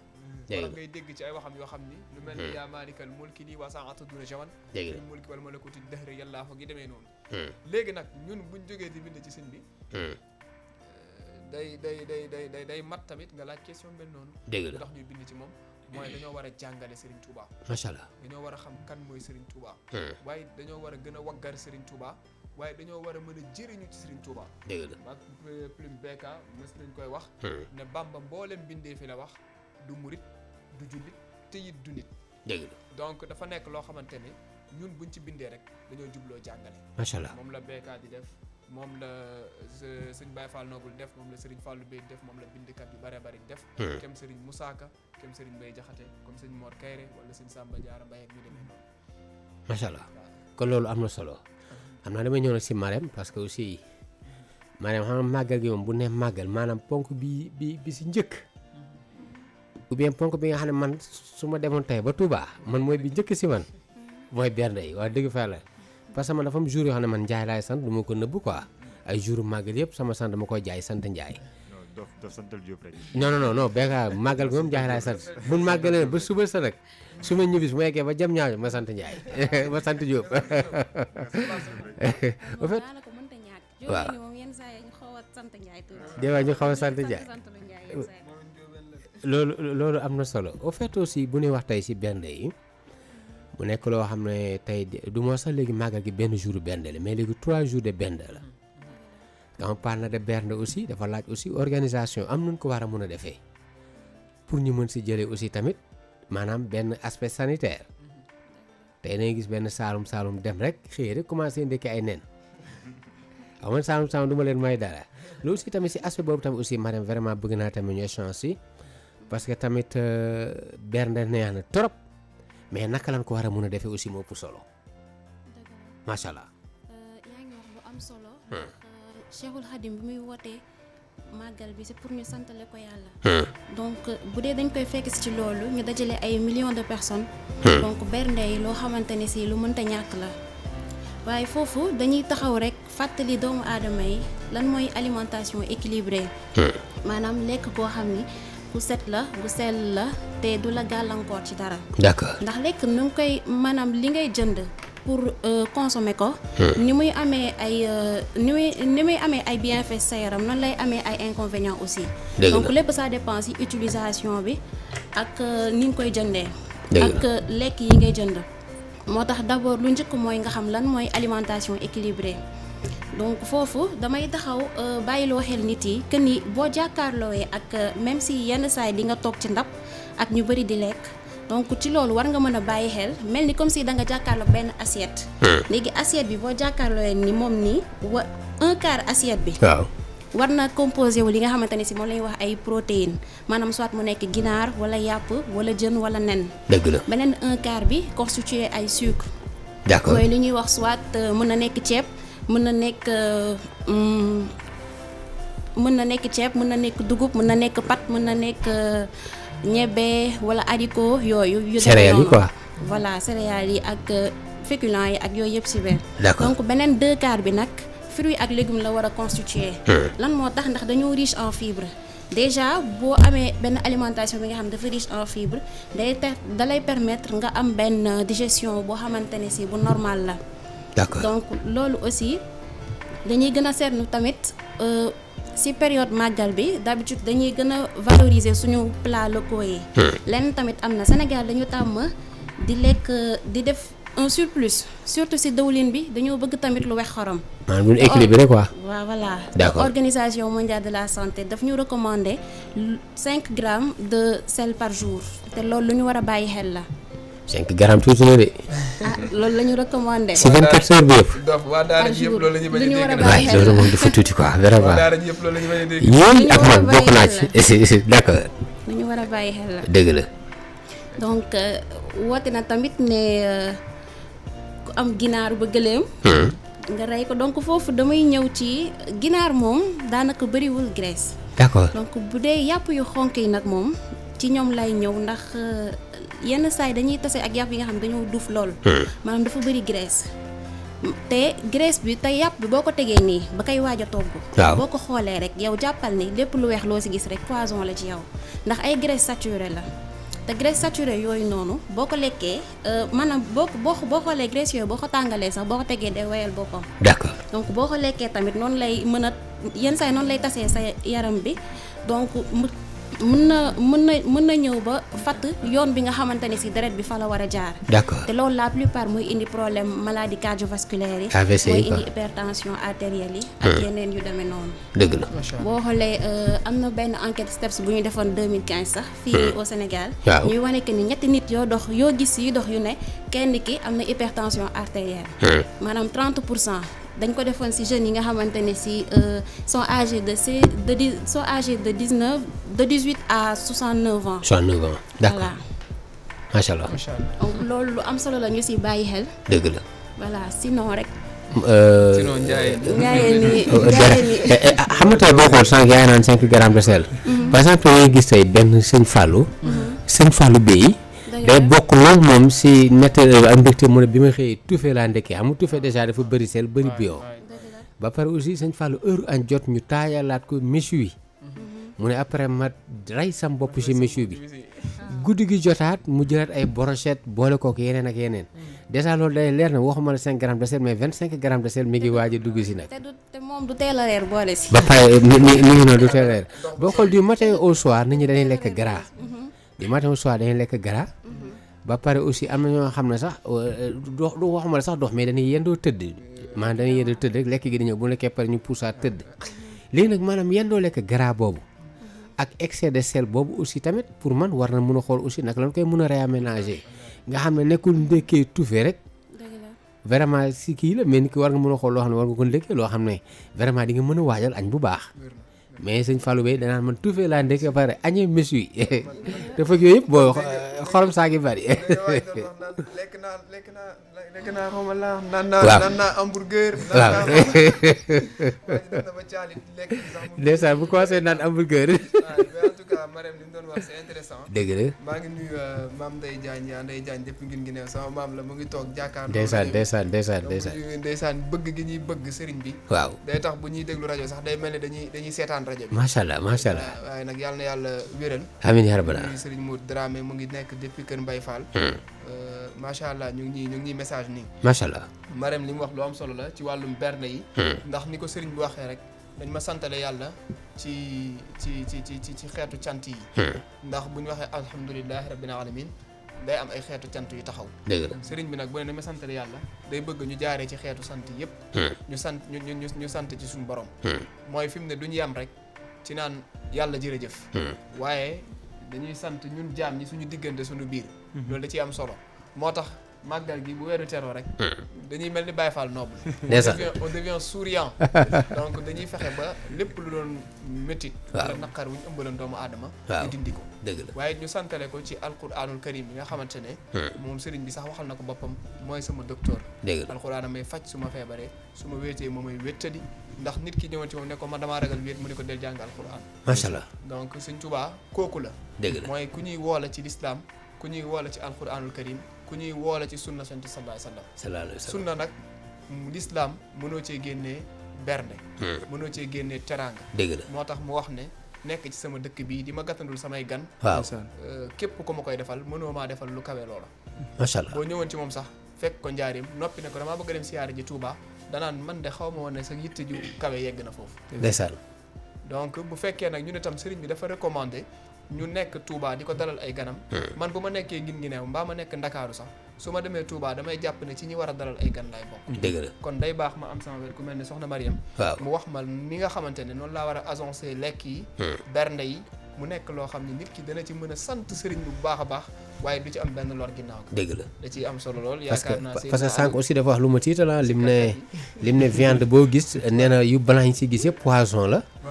wala ngay dégg ci ay waxam yoo xam ni. lu mel ni hmm. yaa maalikal mulki nii waa saa'ata duuna jaman. dégg nga mulki wal malakuti dahri yallaa fa gi demee noonu. Hmm. léegi nag ñun buñ jógee di bind ci sëñ bi. Eh, day day day day day day mat tamit nga laaj question benn noonu. dégg la ndax ñuy bind ci moom. mooy dañoo war a jàngale Serigne Touba. macha allah dañoo war a xam kan mooy Serigne Touba. waaye dañoo war a gën a waggar Serigne Touba. waaye dañoo war a mën a jëriñu ci Serigne Touba. dëgg la ba plume beka mës nañ koy wax. ne Bamba mboolem bindee fi la wax du murit du jullit te it du nit. dëgg la donc dafa nekk loo xamante ni ñun buñ ci bindee rek dañoo jubloo jàngale. macha allah moom la beka di def. moom la sëñ Baye Fall Nogul def moom la Serigne Fallou Bey def moom la bindkat yu bare bari def. kem Serigne Moussa Ka kem Serigne Mbaye Jaxate comme sëñ Mor Kayre wala sëñ Samba Diarra Mbaye ak ñu macha allah kon loolu am na solo. xam naa damay ñëw nag si Marème parce que aussi Marème xam nga màggal gi moom bu ne màggal maanaam ponk bi bi bi si njëkk ou bien ponk bi nga xam ne man su ma demoon tey ba Touba man mooy bi njëkk si man mooy bernde yi wax dëgg fa la parce que man dafa am jour yoo xam ne man Njaay laay sant du ma ko nëbb quoi ay jour màggal yëpp sama sant dama koy jaay sant Njaay daf daf santal Diop rek. non màggal ko moom Ndiaye laay sant bu màggalee ba suba sa nag su ma ñibbi su ma yeggee ba jam ñaaw ma sant *laughs* ma sant Diop. en *laughs* fait waaw. xaw a sant Ndiaye. loolu loolu am na solo au fait aussi bu ñuy wax tey si benn yi. mu nekk loo xam ne tey du moo sax léegi màggal gi benn jour benn la mais léegi trois jours de benn la. on na de bernde aussi dafa laaj aussi organisation am nun ko war a mun a defee pour ñu mën si jëlee aussi tamit maanaam benn aspect sanitaire tey nañ gis benn saalum saalum dem rek xëy rek commencé ndekki ay nen xam nga saalum saalum du leen may dara loolu aussi tamit si aspect boobu tamit aussi madame vraiment bëgg naa tamit ñu échange si parce que tamit euh, bernde neex na trop mais naka lañ ko war a mun a defee aussi moo ëpp solo allah. Euh, solo. Hmm. Cheikhul Khadim bi muy wootee màggal bi c'est pour ñu santale ko yàlla. donc bu dee dañ koy fekk ci loolu ñu dajale ay millions de personnes. donc bernde yi loo xamante ne si lu mënta ñàkk la. waaye foofu dañuy taxaw rek fàttali doomu aadama yi lan mooy alimentation équilibrée. maanaam lekk koo xam ni bu set la bu sel la te du la gàllankoor ci dara. ndax lekk nu koy maanaam li ngay jënd. pour euh, consommer ko. Hmm. ni muy amee ay euh, ni muy ni muy amee ay bienfaits sa yaram noonu lay amee ay inconvénients aussi. donc lépp ça dépense si utilisation bi ak euh, ni nga koy jëndee. ak lekk yi ngay jënd. moo tax d'abord lu njëkk mooy nga xam lan mooy alimentation équilibrée. donc foofu damay taxaw bàyyiloo xel nit yi que ni boo jàkkaarloowee ak même si yenn saay di nga toog ci ndab ak ñu bëri di lekk. donc ci loolu war nga mën a bàyyi xel mel ni comme si da nga jàkkaarloo benn assiette. Hmm. léegi assiette bi boo jàkkaarloo ni moom nii wa un quart assiette bi. waaw war na composé wu li nga xamante ne si moom la wax ay protéines maanaam soit mu nekk ginaar wala yàpp wala jën wala nen. dëgg beneen un quart bi constitué ay sucre. d'accord mooy li ñuy wax soit euh, mën na nekk ceeb mën na nekk. Euh, mm, mën na nekk ceeb mën na nekk dugub mën na nekk pat mën na nekk. Euh, ñebe wala haricot yooyu. yu céréales yi quoi voilà céréales yi ak euh, féculents yi ak yooyu yëpp si biir. d'accord donc bi nag fruits ak légumes la war a constituer. Hmm. lan moo tax ndax dañoo riche en fibre déjà boo amee benn alimentation bi nga xam dafa riche en fibres day te dalay permettre nga am benn euh, digestion boo xamante ne si bu normal la. d'accord donc loolu aussi dañuy gën a seetlu tamit. Euh, si période màggal bi d'habitude dañuy gën a valoriser suñu plat locaux yi. Hmm. lenn tamit am na Sénégal dañu tàmm di lekk di def un surplus surtout si dawlin bi dañoo bëgg tamit lu wex xorom. maanaam lu équilibré quoi. waaw voilà organisation mondial de la santé daf ñu recommander cinq grammes de sel par jour te loolu lu ñu war a bàyyi xel la. cinq grammes tuuti na de. ah loolu la ñu recommandé. si vingt quatre bi yëpp. donc ñu bañ a dégg. waaye tuuti quoi vraiment. waa daara ji la ñu a dégg. yooyu eh, eh, eh, lu ñu war a bàyyi xel la dëgg la. donc euh, woote na tamit ne euh, ku am ginaar ba gëléem. Hmm. nga rey ko donc foofu damay ñëw ci ginaar moom daanaka bëriwul graisse. d' accord donc bu dee yàpp yu xonk yi nag moom ci ñoom lay ñëw ndax. Euh, yenn saa dañuy tase ak yàpp yi nga xam ne dañoo duuf lool. Hmm. maanaam dafa bëri graisse. te graisse bi te yàpp bi boo ko tegee nii ba koy waaja a boo ko xoolee rek yow jàppal ni lépp lu weex loo si gis rek poison la ci yow ndax ay graisse saturée la te graisse saturée yooyu noonu boo ko lekkee euh, maanaam boo boo boo xoolee graisse yooyu boo ko tàngalee sax boo ko tegee day woyal boppam d'accord donc boo ko lekkee tamit noonu lay mën a yenn saa noonu lay tasee sa yaram bi donc mën na mën na mën na ñëw ba fatt yoon bi nga xamante ne si deret bi fa la war a jaar. d'accord te loolu la plupart muy indi problème maladie cardiovasculaire yi. AVC yi muy indi hypertension artérielle yi. Hmm. ak yeneen yu demee noonu. dëgg la boo xoolee euh, am na benn enquête STEPS bu ñu defoon 2015 sax. fii hmm. au Sénégal. waaw ñuy wane que ni ñetti nit yoo dox yoo gis yi dox yu ne kenn ki am na hypertension artérielle. Hmm. maanaam 30 pour cent. dañ ko defoon ci jeunes yi nga xamante ni ci euh, sont âgés de ces de dix sont âgés de dix neuf de dix huit à soixante neuf ans. soixante neuf ans d'accord voilà. macha loolu lu am solo la ñu ci bàyyi xel. dëgg la voilà sinon rek. Euh, sinon Ndiaye. Ndiaye nii euh, Ndiaye nii. Eh, eh, ah, xam nga boo xool sànq yaa naan cinq grammes de sel. Mhm. par exemple da ngay gis tey benn sëñ Fallou. Mhm. sëñ Fallou Bey. day bokk loolu moom si nettali ak mbégte mu ne bi ma xëyee tufe laa ndekkee xam nga tufe dèjà dafa bëri sel bëri bio ba pare aussi sëñ Fallou heure añ jot ñu taayalaat ko méchoui yi mhm. mu ne après ma rey sam bopp si méchoui bi ah. guddi gi jotaat mu jëlaat ay brochette boole kook yeneen ak yeneen mm. dèjà loolu day leer na waxuma la 5 grammes de sel mais 25 grammes de sel mi ngi waaj a dugg si nag. te moom ba pare ni ni ngi noonu du teel a reer *laughs* boo xool du matin au soir dañuy lekk gras. Mhm. du matin au soir dañuy lekk gras. ba pare aussi am na ñoo xam ne sax euh, dox du waxuma la sax dox mais dañuy yendoo tëdd. maanaam dañuy yendoo tëdd lekk gi di ñëw bu lekkee ñu puusaa tëdd. léegi nag maanaam yendoo lekk gras boobu. ak excès de sel boobu aussi tamit pour man war na mën a xool aussi nag lañ koy mën a réaménager nga xam ne nekkul ndékkee tufe rek. vraiment si kii la mais nit ki war nga mën a xool loo xam ne war nga ko ndékkee loo xam ne vraiment di nga mën a waajal añ bu baax. mais sëñ Fallou Bey danaan man tuufee laa ndekk pare añee mes yi dafa yooyu yëpp boo xorom saa bari *laughs* lekk naa lekk naa lekk naa naan naa cas Marème li mu maa ngi nuyu euh, maam Ndeye Diagne yaa ah, Ndeye Diagne depuis ngeen ngi sama maam la mu ngi toog jàkkaarloo. ndeysaan ndeysaan ndeysaan ndeysaan ndeysaan bëgg gi ñuy bëgg sëriñ bi. waaw day tax bu ñuy déglu rajo sax day mel ne dañuy dañuy seetaan rajo macha allah macha allah waaye nag yàlla na yàlla wéral. amiin yaa rabbal aalamiin sëriñ Mour mu ngi nekk depuis Kër Mbaye Fall. Hmm. Euh, macha allah ñu ngi ñuy ñu ngi message nii. macha allah Marème li mu wax lu am solo la ci wàllum berne yi. Hmm. ndax ni ko sëriñ bi waxee rek dañ ma santale yàlla ci ci ci ci ci xeetu cant yi. Hmm. ndax bu ñu waxee alhamdulilah rabbil alamin day am ay xeetu cant yu taxaw. dëgg la sëriñ bi nag bu ne ma santale yàlla day bëgg ñu jaaree ci xeetu sant yi yëpp. Hmm. ñu sant ñu ñu ñu sant ci suñu borom. Hmm. mooy fi mu ne duñ yam rek ci naan yàlla jërëjëf. waaye dañuy sant ñun jaam ñi suñu diggante suñu biir. loolu da ciy am solo moo tax. màggal gi bu weeru teroo rek. Hmm. dañuy mel ni Baye Fall noble. *laughs* ndeysaan on devient souriant. *laughs* donc dañuy fexe ba lépp lu doon métti. waaw naqar wu ñu ëmbaloon doomu aadama. waaw dindi ko. dëgg la waaye ñu santale ko ci alquranul karim bi nga xamante ne. Hmm. moom sëriñ bi sax waxal na ko boppam mooy sama docteur. dëgg la may faj su ma feebaree su ma wéetee moom mooy wéttali ndax nit ki ñëwoon ci moom ne ko ma dama ragal wéet mu ne ko del jàng alquran. macha allah donc sëñ Tuubaa kooku la. dëgg la mooy ku ñuy woola ci lislaam ku ñuy woola ci alquranul karim ku ñuy woole ci sunna sant sallallahu alayhi wasallam sunna nag lislaam mënoo cee génnee bernde hmm. mënoo cee génnee teraanga dëgg la moo tax mu wax ne nekk ci sama dëkk bii di ma gàttandul samay gan waaw euh, képp ko ma koy defal mënoo maa defal lu kawe loola macha allah boo ñëwoon ci moom sax fekk ko njaarim noppi ne ko damaa bëgg a dem siyaare ji tuubaa danaan man de xaw ma woon ne sa yitte ju kawe yegg na foofu ndeysaan donc bu fekkee nag ñu ne tam sëriñ bi dafa recommandé ñu nekk Touba di ko dalal ay ganam. Hmm. man bu ma nekkee ngin ngi neew mbaa ma nekk ndakaaru sax su ma demee Touba damay jàpp ne ci ñi war a dalal ay gan lay bokk. dëgg kon day baax ma am sama wet ku mel ne soxna Mariam. waaw mu wax ma ni nga xamante ne noonu laa war a agencer lekk yi. Hmm. bernde yi. mu nekk loo xam ne la da ciy ne ah, lim ne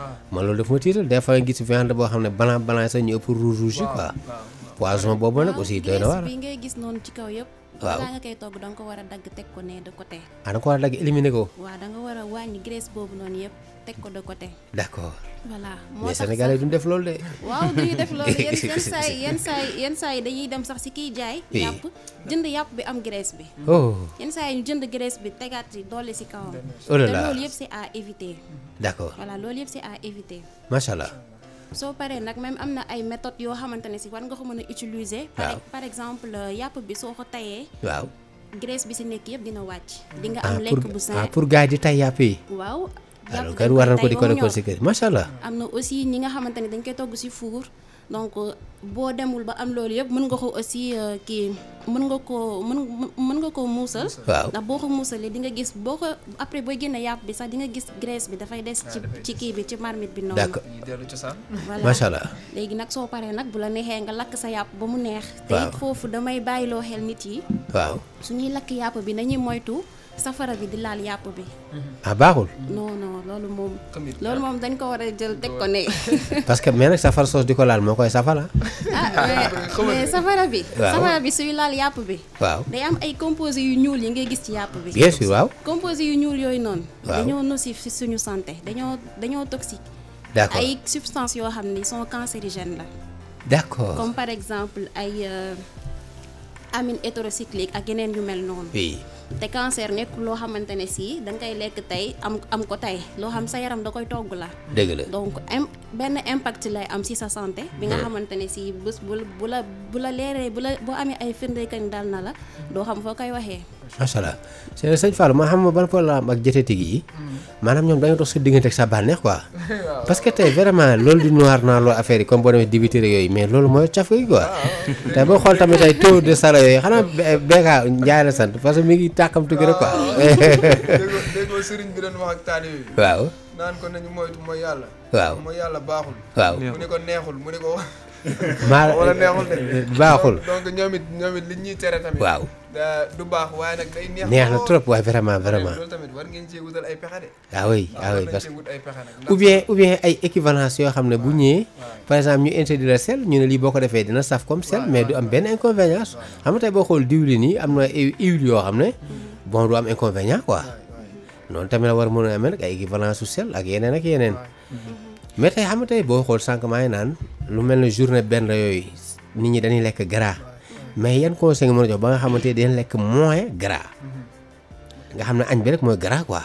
*laughs* man loolu daf ma tiital des fois gis viande boo xam ne blanc blanc sax ëpp rouge rouge yi quoi. boobu nag aussi doy na ci kaw yëpp. da war a dagg ko ah, da nga war a dagg éliminer ko. waaw da war a wàññi graisse boobu noonu yëpp teg ko de côté. d' accord voilà moo tax mais duñ def loolu de. waaw duñu def loolu *laughs* yenn saa yi yenn saa yi dañuy dem sax si kiy jaay. yàpp jënd yàpp bi am graisse bi. Oh. yenn saa yi jënd graisse bi tegaat ci doole si kawam. oh là là te à éviter. d' accord voilà loolu yëpp c'est à éviter. macha soo paree nag même am na ay méthodes yoo xamante ne si war nga ko mën a utiliser. par exemple euh, yàpp bi soo ko tayee. waaw graisse bi si nekk yëpp dina wàcc. di nga ah, am lekk bu ah, sain pour pour gars yi di tay yàpp yi. waaw alors kër waral ko di ko récolter kër macha allah. am na aussi ñi nga xamante ne dañ koy togg ci four donc boo demul ba am loolu yëpp mën nga ko aussi euh, kii mën nga ko mën mën nga ko muusal. waaw ndax boo ko muusalee di gis boo ko après booy génne yàpp bi sax di gis graisse bi dafay des. ci kii bi ci marmite bi noonu. d'accord ñu dellu cosaan. macha allah léegi nag soo paree nag bu la neexee nga lakk sa yàpp ba mu neex. waaw foofu damay bàyyiloo xel nit yi. waaw su ñuy lakk yàpp bi nañuy moytu. safara bi di laal yàpp bi. ah baaxul. non non loolu moom. loolu moom dañ ko war a jël teg ko ne. *laughs* parce que mais safara soos di ko laal moo koy safara. Ah, *laughs* ah, bi. safara bi suy laal yàpp bi. waaw day am ay composés yu ñuul yi ngay gis ci yàpp bi. bien waaw. composés yu ñuul yooyu noonu. waaw dañoo nocif si suñu sante dañoo dañoo toxique. d'accord ay substances yoo xam ni sont cancérigènes la. d'accord comme par exemple ay euh, amine hétérocyclique ak yeneen yu mel noonu. oui. te cancer nekk loo xamante ne si da koy lekk tey am am ko tey loo xam sa yaram da koy togg la. dëgg la donc benn impact lay am si sa sante mm. bi nga xamante ne si bés bu bu la bu la leeree bu la boo amee ay firnde kañ dal na la doo xam foo koy waxee. macha allah seen sëñ Fall ma xam ban problème ak jëtetig yi maanaam ñoom dañoo dox sa diggante ak sa bànneex quoi *laughs* parce que tey loolu di noir naa loolu affaire yi comme boo demee dibitére yooyu mais loolu mooy caf yi quoi ah, ah. tey boo xool tamit ay taux de sala yooyu xanaa beekaa njaay la sant parce que mi ngi tàkkamtu gi rek quoi ah, waaw yàlla waaw baaxul waaw mu ne ko neexul mu ne ko *laughs* maa eh, eh, baaxul donc ñoom it ñoom it li ñuy tere tamit. waaw neex. na trop waaye vraiment vraiment. loolu tamit war ngeen ay pexe de. ah oui ah oui ou bien ou bien ay équivalence yoo xam ne bu ñëwee. par exemple ñu interdire la sel ñu ne lii boo ko defee dina saf comme sel mais du am benn inconvénient xam nga tey boo xool diwlin yi am na huile yoo xam ne mm-hmm. bon du am inconvénient quoi. noonu tamit la war a mën a amee nag ay équivalence su sel ak yeneen ak yeneen. Mm-hmm. mais tey xam boo xool sànq maa ngi naan lu mel ne journée benn yooyu nit ñi dañuy lekk gras mais yan conseil nga mën a jox ba nga xamante ne dañu lekk moins gras nga xam ne añ bi rek mooy gras quoi.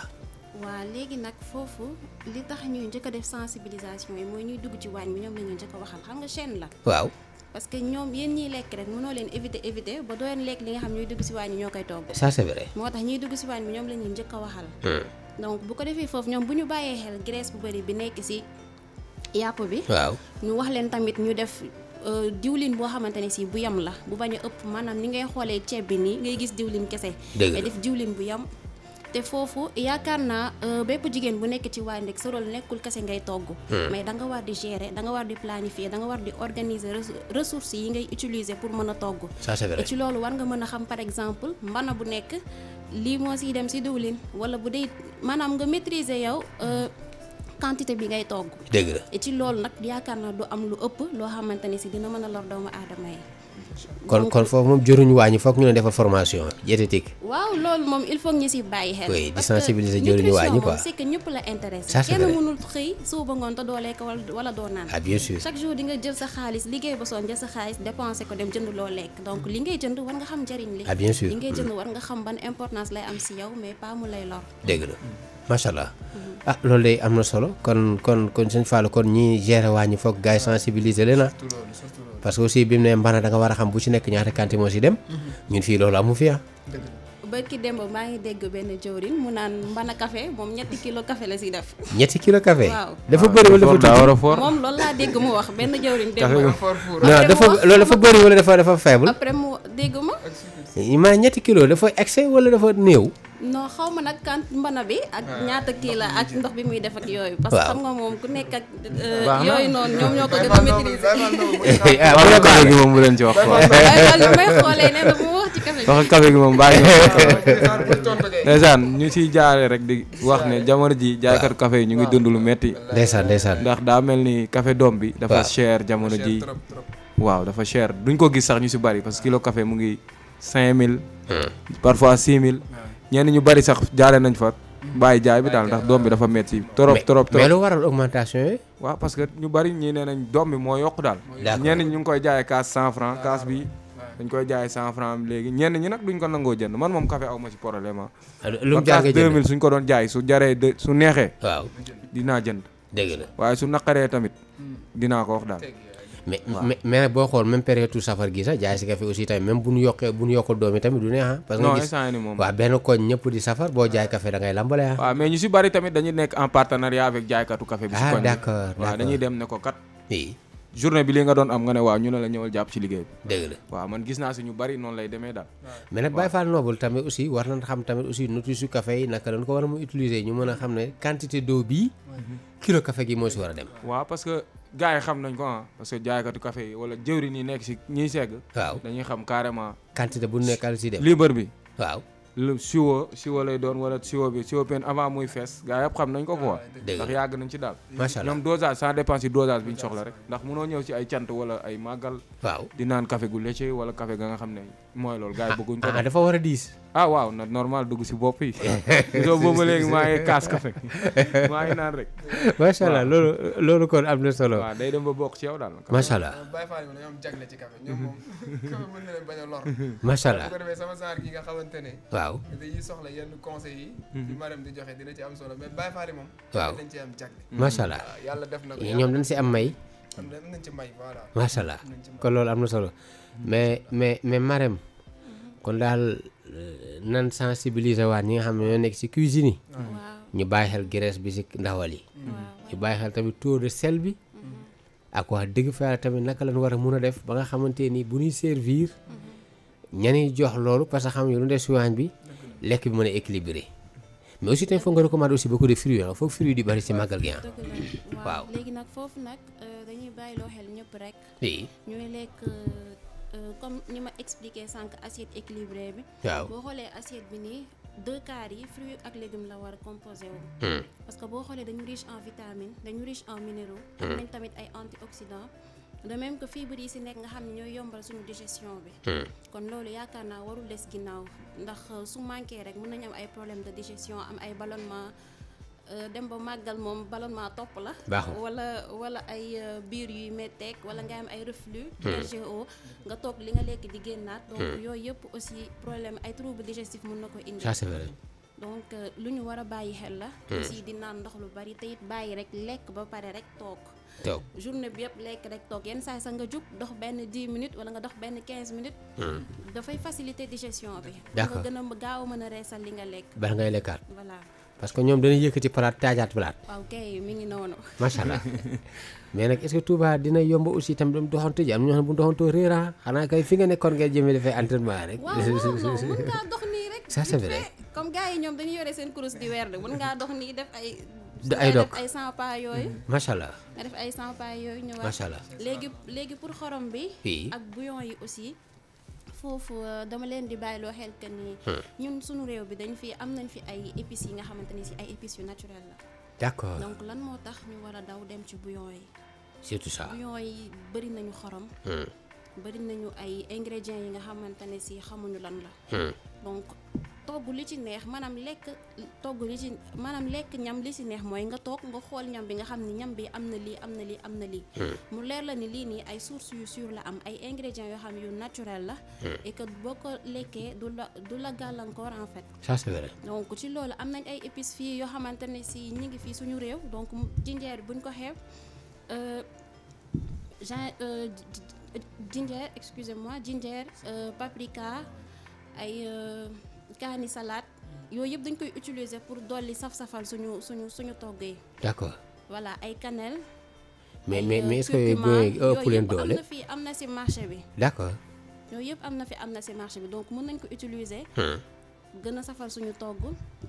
waaw léegi nag foofu li tax ñuy njëkk a def sensibilisation yi ci waañ bi ñoom la ñuy njëkk a waxal xam nga chaîne la. waaw parce que ñoom yéen ñiy lekk rek mënoo leen éviter éviter ba doo leen lekk li nga xam ñuy dugg si waañ bi ñoo koy togg. ça c'est moo tax ñuy dugg si waañ bi ñoom la ñuy njëkk a waxal. Hmm. donc bu ko defee foofu ñoom bu ñu bàyyee xel graisse bu bari bi nekk si. yàpp bi ñu wax leen tamit ñu def euh, diwlin boo xamante ne si bu yam la bu bañ ëpp maanaam ni ngay xoolee ceeb bi nii ngay gis diwlin kese nga def diwlin bu yam te foofu yaakaar naa euh, bépp jigéen bu nekk ci waay ndek sa nekkul kese ngay togg hmm. mais da nga war di gérer da nga war di planifier da nga war di organiser ressources yi ngay utiliser pour mën a togg et ci loolu war nga mën a xam par exemple mbana bu nekk lii moo si dem si diwlin wala bu dee maanaam nga maîtriser yow euh, quantité bi ngay togg. dëgg ci loolu nag yaakaar naa du am lu ëpp loo xamante ni si dina mën a lor doomu aadama yi. kon kon foofu moom jëruñu waañu foog ñu defal formation diététique. loolu moom il faut ñu si bàyyi xel. oui parce que nutrition moom c'est que ñëpp la intéressé. ça kenn mënul xëy suba ngoon doo lekk wala doo naan. ah bien sûr chaque jour di nga jël sa xaalis liggéey ba soon jël sa xaalis dépensé ko dem jënd loo lekk donc li ngay jënd war nga xam njëriñ li. ah bien sûr li ngay jënd mm. war nga xam ban importance lay am si yow mais pas mu lay lor. dëgg la. macha allah. ah loolu day am na solo kon kon kon sëñ Fallou kon ñi géré waa ñi foog gars yi sensibiliser leen ah. parce que aussi bi mu ne mbana da war a xam bu ci nekk ñaata kanti moo si dem. ñun fii loolu amu fi ah. barki démb maa ngi dégg benn jawrin mu naan mbana café moom ñetti kilo la si def. ñetti kilo café. dafa bëri wala war a foor moom loolu wax benn jawrin démb. non dafa loolu dafa bëri wala dafa dafa faible. après mu dégg ma. ma ñetti kilo dafa excès wala dafa néew. non xaw ma nag kan mbana bi ak ñaata kii la ak ndox bi muy def ak yooyu. parce que xam nga moom ku nekk ak. yooyu noonu ñoom ñoo ko gën a maîtriser. waaw café moom bu ci wax. lu may gi. moom bàyyi ñu siy jaare rek di wax ne jamono ji jaaykat kafe yi ñu ngi dund lu metti ndeysaan ndeysaan ndax daa mel ni kafe doom bi. dafa cher jamono ji waaw dafa cher duñ ko gis sax ñu si bari parce que kilo café mu ngi 5000. parfois 6000. ñenn ñu bari sax jaare nañ fa. bàyyi jaay bi daal ndax doom bi dafa metti trop trop trop mais lu waral augmentation yi. waaw parce que ñu bari ñi nee nañ doom bi moo yokk daal. ñenn ñu ngi koy jaayee kaas 100 francs kaas bi. dañ koy jaayee 100 francs léegi ñenn ñi nag duñ ko nangoo jënd man moom café aw ma ci problème ah. lu mu jaay 2000 suñ ko doon jaay su jaree de su neexee. waaw dinaa jënd. dëgg waaye su naqaree tamit hmm. dinaa ko wax daal. mais mais nag boo xool même période tout safar gi sax jaay si café aussi tamit même bu ñu yokkee bu ñu yokkul doom yi tamit du neex ah parce que ah. nga ah. nekk en partenariat avec jaaykatu café bi si ah, ne ko kat bi li nga doon am nga ne waaw ñu ne la ñëwal jàpp ci liggéey bi dëgg la naa si ñu bari noonu lay demee daal mais nag Baye Fall Noble tamit war nañ xam tamit aussi nutrition café yi naka lañ war a mu utiliser ñu mën a xam ne quantité d'eau bii mhm. kilo café gi moo si war a dem waaw parce gars yi xam nañ ko ah parce que jaaykatu kafe yi wala jëwri nii nekk si ñiy segg waaw dañuy xam carrément quantité bu nekk si def libre bi waaw lu siwo siwo lay doon wala siwo bi siwo pen avant muy fees gars yëpp xam nañ ko quoi ndax yàgg nañ ci daal macha allah ñoom dosage sans dépense yi dosage bi ñu soxla rek ndax munoo ñëw si ay cant wala ay màggal waaw di naan café gu léché wala kafe ga nga xam ne mooy loolu gars yi bëgguñ ko ah, ah, dafa war a diis ah waaw na normal dugg si bopp yi. *laughs* soo boobu léegi maa ngi kaas kafe *laughs* maa ngi naan rek. macha allah loolu loolu kon am na solo. waaw day dem ba bokk ci yow daal. macha allah Baye Fall yi dañoo am jagle ci kafe ñoom moom *laughs* kafe mën na leen bañ a lor. macha allah bu ko defee sama saar gi nga xamante ne. waaw dañuy soxla yenn conseils yi. yu mhm. Marème di joxe dina ci am solo mais Baye Fall yi moom. waaw dañ ci am jagle. Mhm. macha allah yàlla def na ko ñoom dañ si am may. am nañ ci may voilà. macha allah kon loolu am na solo mhm. mais mais mais Marème kon daal. nan sensibiliser waat ñi nga xam ne ñoo nekk ci cuisine yi ñu bàyyi xel graisse bi ci ndawal yi ñu bàyyi xel tamit taux de sel bi mm-hmm. ak wax dëgg fa tamit naka lañ war a mun a def ba nga xamante ni bu ñuy servir mm-hmm. ñani jox loolu parce que xam nga lu def ci waañ bi lekk bi mën a équilibré mais aussi tamit foog nga recommander aussi beaucoup de fruits ah foog fruits di bari ci màggal gi nag foofu euh, Euh, comme ni ma expliqué sànq assiette équilibrée bi. boo xoolee assiette bi nii deux quarts yi fruits ak légumes la war a composé hmm. parce que boo xoolee dañu riche en vitamines dañu riche en minéraux. Hmm. am nañ tamit ay antioxydants de même que fibres yi si nekk nga xam ne ñooy yombal suñu digestion bi. Hmm. kon loolu yaakaar naa warul des ginnaaw ndax euh, su manqué rek mun nañu am ay problèmes de digestion am ay ballonnement. Euh, dem ba màggal moom ballonnement topp la. wala wala ay euh, biir yuy métteeg wala nga am ay reflux. RGO hmm. nga toog li nga lekk di génnaat. Hmm. donc yooyu yëpp aussi problème ay trouble digestif mën na ko indi. ça donc euh, lu ñu war a bàyyi xel la. Hmm. aussi di naan ndox lu bari te it bàyyi rek lekk ba pare rek toog. toog journée bi yëpp lekk rek toog yenn saa sax nga jug dox benn 10 minutes wala nga dox benn quinze minutes. dafay faciliter digestion bi. d'accord nga gën a gaaw a mën a reesal li nga lekk. bala ngay lekkaat voilà. parce que ñoom dañuy yëkkati palaat taajaat palaat. waaw kay mi ngi noonu. macha allah *laughs* mais nag est-ce que Touba dina yomb aussi itam dem doxantu ji am na ñoo xam bu doxantoo réer *laughs* yore seen kurus di weer de mën ngaa dox nii def ay. yooyu. Mm. macha allah nga def ay 100 pas yooyu ñëwaat. allah léegi léegi pour xorom bi. ak bouillon yi aussi. foofu euh, dama leen di bàyyiloo xel que ni. Hmm. ñun suñu réew bi dañ fi am nañ fi ay épices yi nga xamante ni ay épices yu naturel la. d'accord donc lan moo tax ñu war a daw dem ci buyon yi. surtout ça bouillon yi bëri nañu xorom. Hmm. bëri nañu ay ingrédients yi nga xamante ne si xamuñu lan la. Hmm. donc togg li ci neex maanaam lekk togg li ci maanaam lekk ñam li ci neex mooy nga toog nga xool ñam bi nga xam ne ñam bi am na lii am na lii am na lii hmm. mu leer la ni lii nii ay source yu sûr la am ay ingrédients yoo xam yu naturel la hmm. et que boo lekkee du la du la gàllankoor en fait ça c'est ci loolu am nañ ay épices fii yoo xamante ne si ñi ngi fii suñu réew donc jinjeer buñ ko xeeb gen euh, euh, jinjeer excusez-moi jinjeer euh, paprika ay kaani salaat mm. yooyu yëpp dañ koy utiliser pour dolli saf-safal suñu suñu suñu togg yi. d'accord voilà ay cannelle. mais mais euh, mais est-ce que yooyu ëpp leen doole am na fi am na si marché bi. d'accord yooyu yëpp am na fi am na si marché bi donc mën nañ ko utiliser. Hmm. gën a safal suñu togg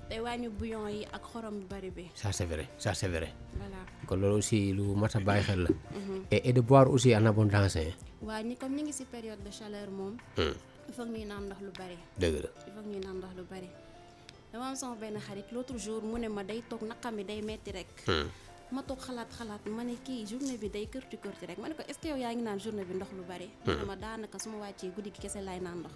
te wàññi bouillon yi ak xorom bu bari bi. ça c'est vrai ça kon loolu aussi lu mat a bàyyi xel la. Mhm. et de boire aussi en abondance. waa ñi comme ñu ngi si période de chaleur moom. Hmm. il faut ñuy naan ndox lu bari. dëgg la il faut naan ndox lu bari dama am sama benn xarit l'autre jour mu ne ma day toog naqam mi day metti rek. Hmm. ma toog xalaat xalaat ma ne kii journée bi day kërti kërti rek ma ne ko est ce que yow yaa ngi naan journée bi ndox lu bari. Hmm. ma daanaka su wàccee guddi gi kese laay naan ndox.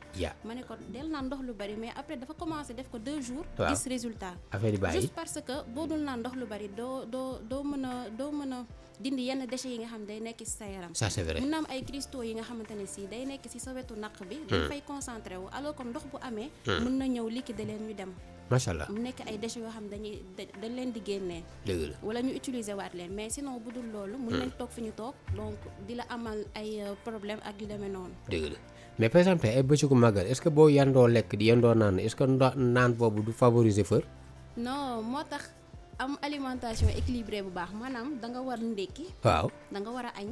ma ne ko del naan ndox lu bari mais après dafa commencé def ko deux jours. gis résultat. affaire parce que boo dul naan ndox lu bari doo doo doo mën a doo mën a dindi yenn déchets yi nga xam day nekk ci sa yaram. ça c'est vrai mun na am ay cristaux yi nga xamante ne si day nekk si sa wetu naq bi. dafay hmm. concentré wu alors que ndox bu amee. Hmm. mun na ñëw liquide leen ñu dem macha allah mu nekk ay déchets yoo xam dañuy dañ leen di génnee. dëgg la wala ñu utiliser waat leen mais sinon bu dul loolu. mun nañ hmm. toog fi ñu toog donc di la amal ay euh, problème ak yu demee noonu. dëgg la mais par exemple ay bëccëgu màggal est que boo yandoo lekk di yandoo naan est-ce que naan boobu du favoriser fër. non moo tax am alimentation équilibrée bu baax maanaam da nga war ndékki. waaw da nga war a añ.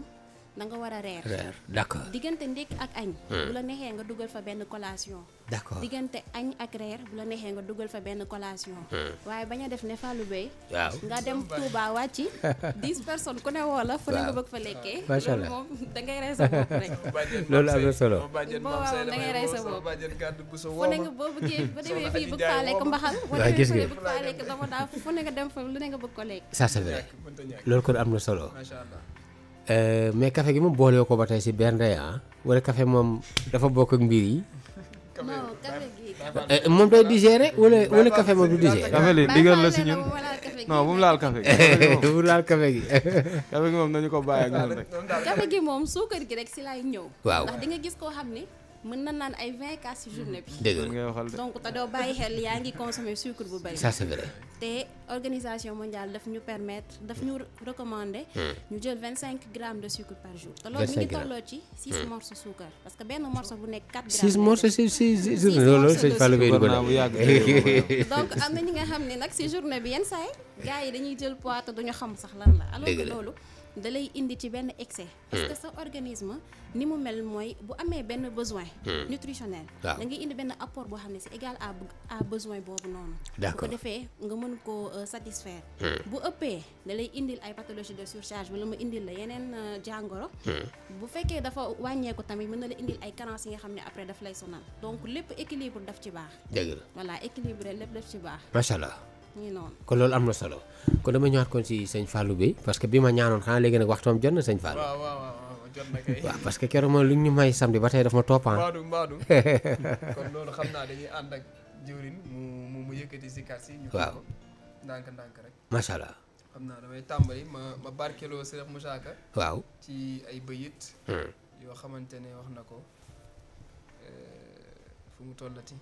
da nga war a reer. reer d' accord diggante ndékk ak añ. Hmm. bu la neexee nga dugal fa benn collation. d' accord diggante añ ak reer bu la neexee nga dugal fa benn collation. Hmm. waaye ba a def ne Fallou Bey. waaw nga dem Touba wàcc *laughs* dix personnes ku ne woo la. fa lekkee. macha allah moom sa loolu am na solo. boobaa da ngay rey sa bopp. nga boo bëggee ba demee fii faa lekk mbaxal. waaw gis nga bëgg faa lekk dama daa fu ne nga dem fa lu ne nga bëgg ko lekk. ça c'est loolu kon am na solo. macha Euh, mais kafe gi moom boole ko ba tey si bernde ah wala kafe moom dafa bokk ak mbir yi. non café euh, moom day digéré wala wala café moom du digéré. café li digal la si ñun bu mu laal café gi. *laughs* bu mu laal café gi. *laughs* café gi moom nañu ko bàyyi ak ñun rek. gi moom suukar gi rek si laay ñëw. waaw mën na naan ay vingt cas si journée bi. dëgg la donc te doo bàyyi xel yaa ngi consommer sucre bu bëri. ça c'est vrai. te organisation mondiale daf ñu permettre daf ñu recommander. Hmm. ñu jël vingt cinq grammes de sucre par jour. te loolu mi ngi ci six hmm. morceaux suukar parce que benn morceau bu nekk quatre grammes. six morceaux si si si journée loolu sëñ Fallou *laughs* donc am na ñi nga xam ne nag si journée bi yenn saa yi yi dañuy jël poids te duñu xam sax lan la. alors que loolu. da indi ci benn excès. parce hmm. sa organisme ni mu mel mooy bu amee benn besoin. Hmm. nutritionnel. da ngay indi benn apport boo xam ne c'est égal à à besoin boobu noonu. d'accord bu ko defee nga mën koo euh, satisfaire. Hmm. bu ëppee da lay indil ay pathologie de surcharge wala mu indil la yeneen euh, jàngoro. bu fekkee dafa wàññeeku tamit mun na la indil ay carences yi nga xam ne après daf lay sonal donc lépp équilibre daf ci baax. dëgg la lépp daf ci baax. macha allah. kon loolu am na solo kon dama ñëwaat kon si sëñ Fallou bi parce que bi ma ñaanoon xanaa léegi nag waxtoom jot na sëñ Fallou. waaw waaw waaw waaw parce que keroog moom lu ñu may samedi ba tey daf ma toppaan. Ah. mbaadu mbaadu *laughs* kon loolu xam naa dañuy ànd ak jëwriñ mu mu yëkkati si kàddu yi. waaw ndànk ndànk rek. macha allah. xam naa damay tàmbali ma ma barkeloo Serigne Moussa Ka. waaw ci ay bëyit. Hmm. yoo xamante ne wax na ko eh, fu mu tollati.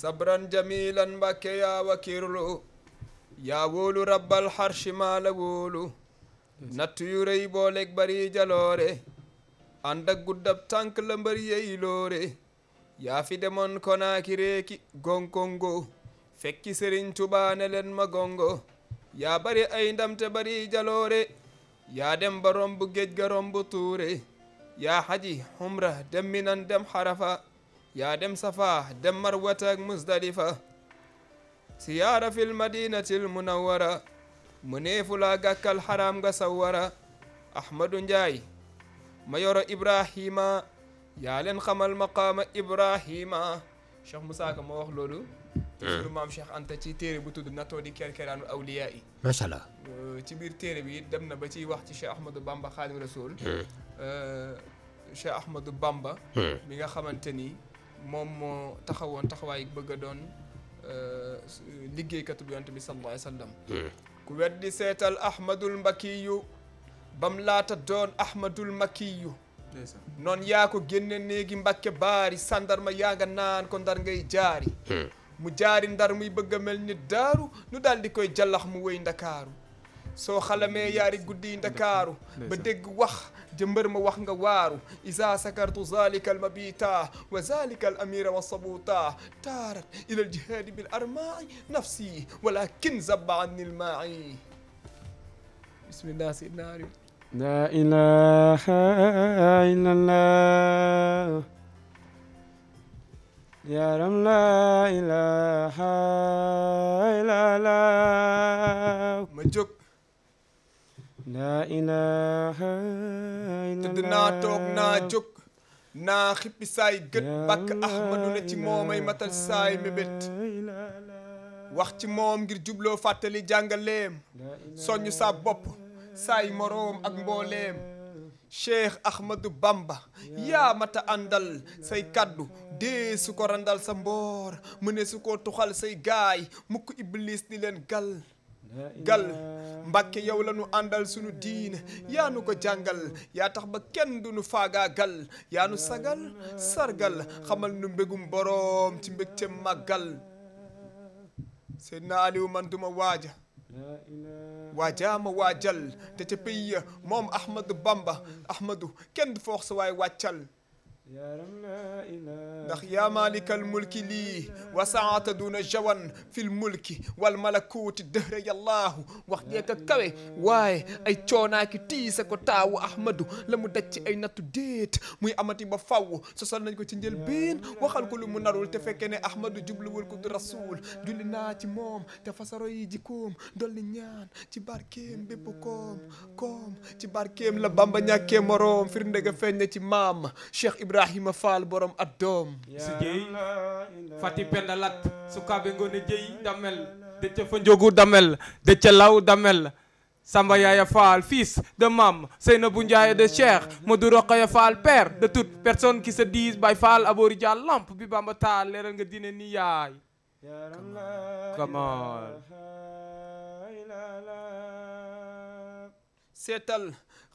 sabran jamilan mbàkke yaa wakirlu yaa wóolu rabbal xarshi maa la wóolu natt yu rëy bari jaloore ànd guddab tànk la mbër yey loore yaa fi demoon konaaki réeki gonkongo fekki sëriñ Tuubaa leen ma gongo yaa bari ay ndam bari jaloore yaa dem ba romb géej tuure yaa haji humra dem dem xarafa yaa dem safa dem marwata ak musdalifa siyaara fil madinatil munawwara mu neefu laa gàkkal xaraam nga sawara ahmadu njaay ma yoro ibrahima yaa leen xamal maqaama ibrahima cheikh Moussa Ka moo wax loolu te hmm. sunu maam cheikh anta ci téere bu tu nattoo di kerkeraanu awliyaa yi macha ci biir téere bi dem na ba ciy wax ci cheikh ahmadou bamba xaadim rasoul hmm. euh, cheikh ahmadou bamba hmm. mi nga xamante ni moom moo taxawoon taxawaay bëgg doon euh, liggéeykatub yonent bi sallallahu alayhi wa sallam hmm. ku weddi seetal ahmadul mbakiyu bam laata doon ahmadul makiyu noonu yaa ko génne néegi mbakke baari sàndarma yaa nga naan ko ndar ngay jaari hmm. mu jaari ndar muy bëgg a mel ni daaru nu daal di koy jallax mu wéy ndakaaru soo xalamee yaari guddi yi ndakaaru ba dégg wax jëmbër ma wax nga waaru isa sakartu almabita wa zalika alamira wasabuta taarat ila aljihadi bil armai nafsi walakin zaba anni almaai bismillah sidna laa ilaaha illallah tëdd naa toog naa jóg naa xippi saay gët bàkk ahmadu ne ci moomay matal saay mébét wax ci moom ngir jubloo fàttali jàngaleem soññ sa bopp saay moroom ak mbooleem cheikh ahmadu bamba yaa mata àndal say kàddu dee su ko randal sa mboor mu ne su ko tuxal say gaay mukk iblis di leen gal gal mbàkke yow la nu àndal sunu diin yaa nu ko jàngal yaa tax ba kenn du nu faagaa gal yaa nu sagal sargal xamal nu mbegum boroom ci mbégte màggal Seydina Aliou man duma waaja waajaama waajal te ca pay moom Ahmadou Bamba Ahmadou kenn du foox sa waay wàccal ndax yaa maalikal mulki lii wasaata duna jawan fil mulki wal malakuuti dëhra wax jeeka kawe waaye ay coonaaki tiise ko taawu ahmadu la mu daj ci ay nattu déet muy amati ba faw sosal nañ ko ci njëlbéen waxal ko lu mu narul te fekkee ne ahmadu jubluwul ko du rasul julli naa ci moom te fasaro yi jikkoom dolli ñaan ci barkeem bépp koom koom ci barkeem la bamba ñàkkee moroom firnde ga feeñ ne ci maam Cheikh Ibrahima Ibrahima Fall borom at doom si jeey Fati Penda Lat Sukabe Ngone Jeey damel Dëcc fa Njogu damel Dëcc Law damel Samba Yaaya Fall fils de Mam Seynabou Ndiaye de Cheikh Modou Rokhaya Fall père de toute personne qui se dise Baye Fall Abori Dia lamp bi Bamba leeral nga dine ni yaay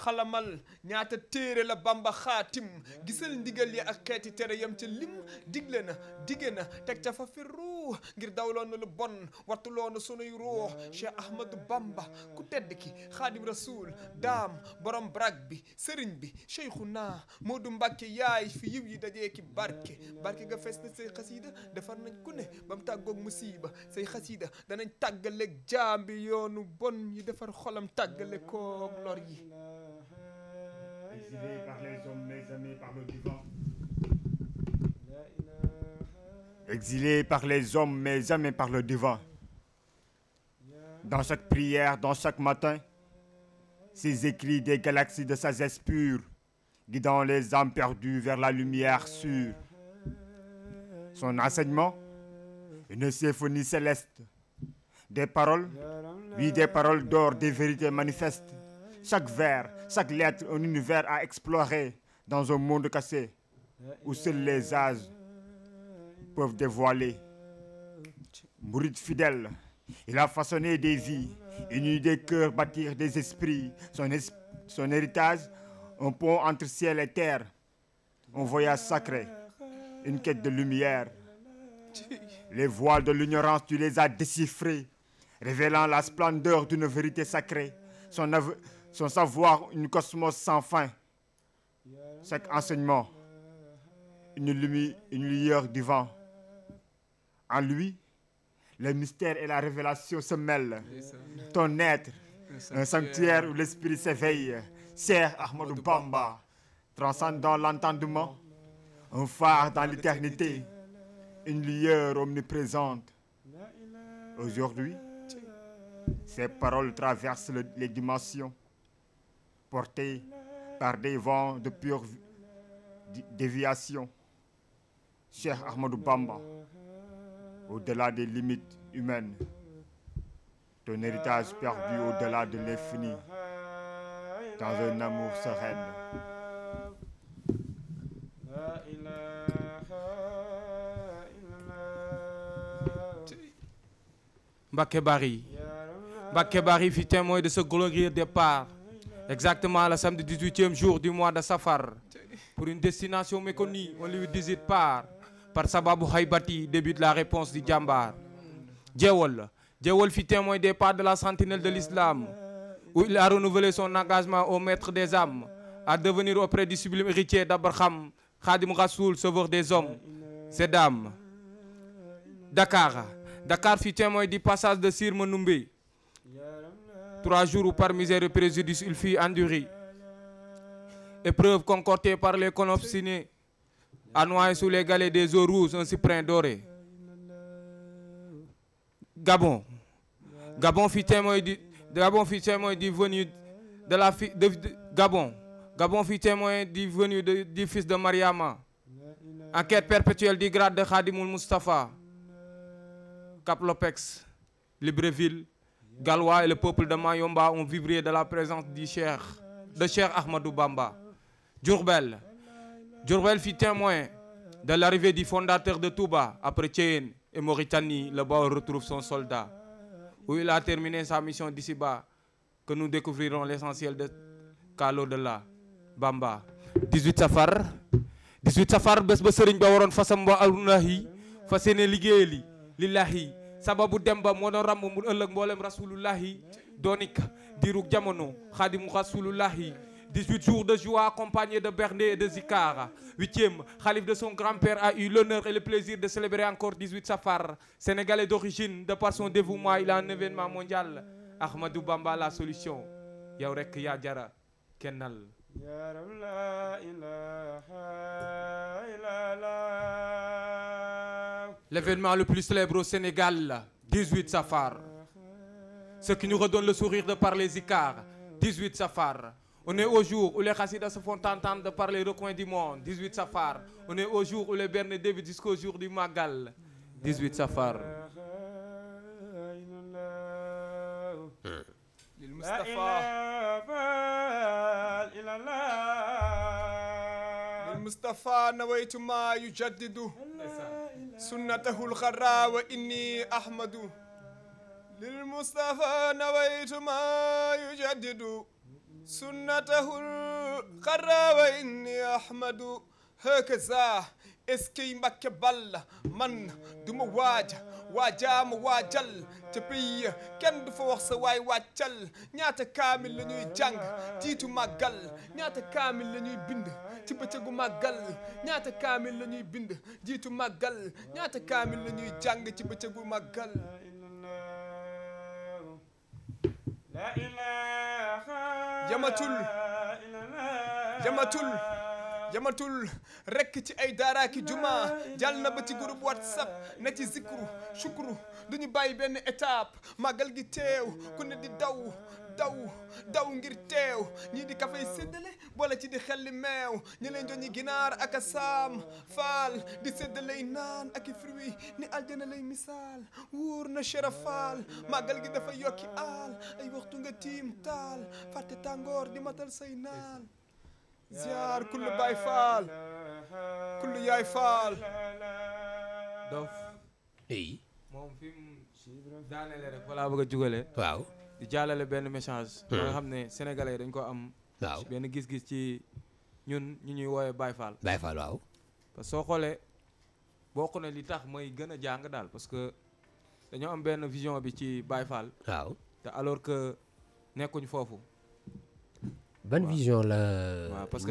xalamal ñaata téere la bamba xaatim gisal ndigal yi ak xeeti tere yam ca lim digle na dige na teg ca fa firru ngir dawloon na lu bon wattuloon na sunuy ruux Cheikh Ahmadou Bamba ku tedd ki xaadim rasul daam borom brag bi sëriñ bi Cheikhuna Moodu Mbàkke yaay fi yiw yi dajee ki barke barke nga fees na say xasiida defar nañ ku ne ba mu tàggoog musiba say xasiida danañ tàggaleeg jaam bi yoonu bon yi defar xolam tàggale koog lor yi exilé par les hommes, mais amis, par le divan. Exilé par les hommes, mes amis, par le Dans chaque prière, dans chaque matin, ces écrits des galaxies de sagesse pure, guidant les âmes perdues vers la lumière sûre. Son enseignement, une symphonie céleste, des paroles, oui, des paroles d'or, des vérités manifestes Chaque vers, chaque lettre, un univers à explorer dans un monde cassé où seuls les âges peuvent dévoiler. Mouride fidèle, il a façonné des vies, uni des cœurs, bâtir des esprits. Son, es son héritage, un pont entre ciel et terre, un voyage sacré, une quête de lumière. Les voiles de l'ignorance, tu les as déchiffrés, révélant la splendeur d'une vérité sacrée. Son son savoir, une cosmos sans fin. Chaque enseignement, une lumière, une lueur du vent. En lui, le mystère et la révélation se mêlent. Ton être, un sanctuaire où l'esprit s'éveille. Cheikh Ahmadou Bamba, transcendant l'entendement, un phare dans l'éternité, une lueur omniprésente. Aujourd'hui, ces paroles traversent les dimensions. portés par des vents de pure déviation. Cheikh Ahmadou Bamba, au-delà des limites humaines, ton héritage perdu au-delà de l'infini, dans un amour serein. Mbacké Bari, fut témoin de ce glorieux départ. Exactement le samedi 18e jour du mois de Safar, pour une destination méconnue, on lui visite par, par Sababou Haybati, début de la réponse du Djambar. Djewol, Djewol fut témoin des pas de la sentinelle de l'islam, ou il a renouvelé son engagement au maître des âmes, à devenir auprès du sublime héritier d'Abraham, Khadim Rasoul, sauveur des hommes, ces dames. Dakar, Dakar fut témoin du passage de Sir Manoumbi, trois jours par misère et préjudice il fut enduré épreuve concortée par les conobstinés à noyer sous les galets des eaux rouges un cyprin doré Gabon Gabon fut témoin du la fi de, de Gabon Gabon fut témoin du venu de, fils de Mariama en quête perpétuelle du grade de Khadimoul Moustapha Cap Lopex Libreville Galwa et le peuple de Mayomba ont vibré de la présence de Cheikh Ahmadou Bamba. Diourbel. Diourbel fut témoin de l'arrivée du fondateur de Touba après Thiéyène et Mauritanie, le Baol retrouve son soldat, où il a terminé sa mission d'ici-bas, que nous découvrirons l'essentiel de qu'à l'au-delà. Bamba. safar 18 safar ba sëriñ ba waroon fasam wa arunahi fas yéene liggéeyali lillahi sababu dem ba moo doon ràmm mu ëllëg mboolem rasulullahi doonika diirug jamono xaadimu rasulullahi jours de joie accompagnés de bernets et de zikar. Huitième, Khalif de son grand-père a eu l'honneur et le plaisir de célébrer encore Safar. Sénégalais d'origine, de son dévouement, il a un événement mondial. Ahmadou Bamba, la solution. yow rek yaa jara kennal. L'événement le plus célèbre au Sénégal, 18 Safar. Ce qui nous redonne le sourire de par les Zikars, 18 Safar. On est au jour par les recoins On est au jour où les Bernes débutent jusqu'au jour du Magal, 18 Safar. للمصطفى نويت ما سنته الخراء وإني أحمد للمصطفى نويت ما يجدد سنته الخراء وإني أحمد هكذا eskey mbakke balla man duma waaja waajaama waajal te pays kenn du fa wax sa waay wàccal ñaata kaamil la ñuy jàng tiitu màggal ñaata kaamil la ñuy bind ci bëccëgu màggal ñaata kaamil la bind jiitu màggal ñaata kaamil la jàng ci bëccëgu màggal jamatul jamatul rekk ci ay daaraaki juma jàll ci groupe whatsapp na ci zikru shukru duñu bàyyi benn étape màggal gi teew ku di daw daw daw ngir teew ñii di kafay séddale boole ci di xelli meew ñi leen jox ginaar ak a saam faal di séddalay naan ak i ni aljana lay misaal wóor na chera faal màggal gi dafa yokki aal ay waxtu nga tiim taal fàtte tàngoor di matal say naan ziar kullu baay faal kullu yaay faal dof ey fi di jaalale benn message. Hmm. ba nga xam ne sénégalais dañ ko am. waaw benn gis-gis ci ñun ñu ñuy woowee Baye Fall. Baye Fall waaw. parce que soo xoolee bokk na li tax may gën a jàng daal parce que dañoo am benn vision bi ci Baye Fall. te alors que nekkuñ foofu. ban vision la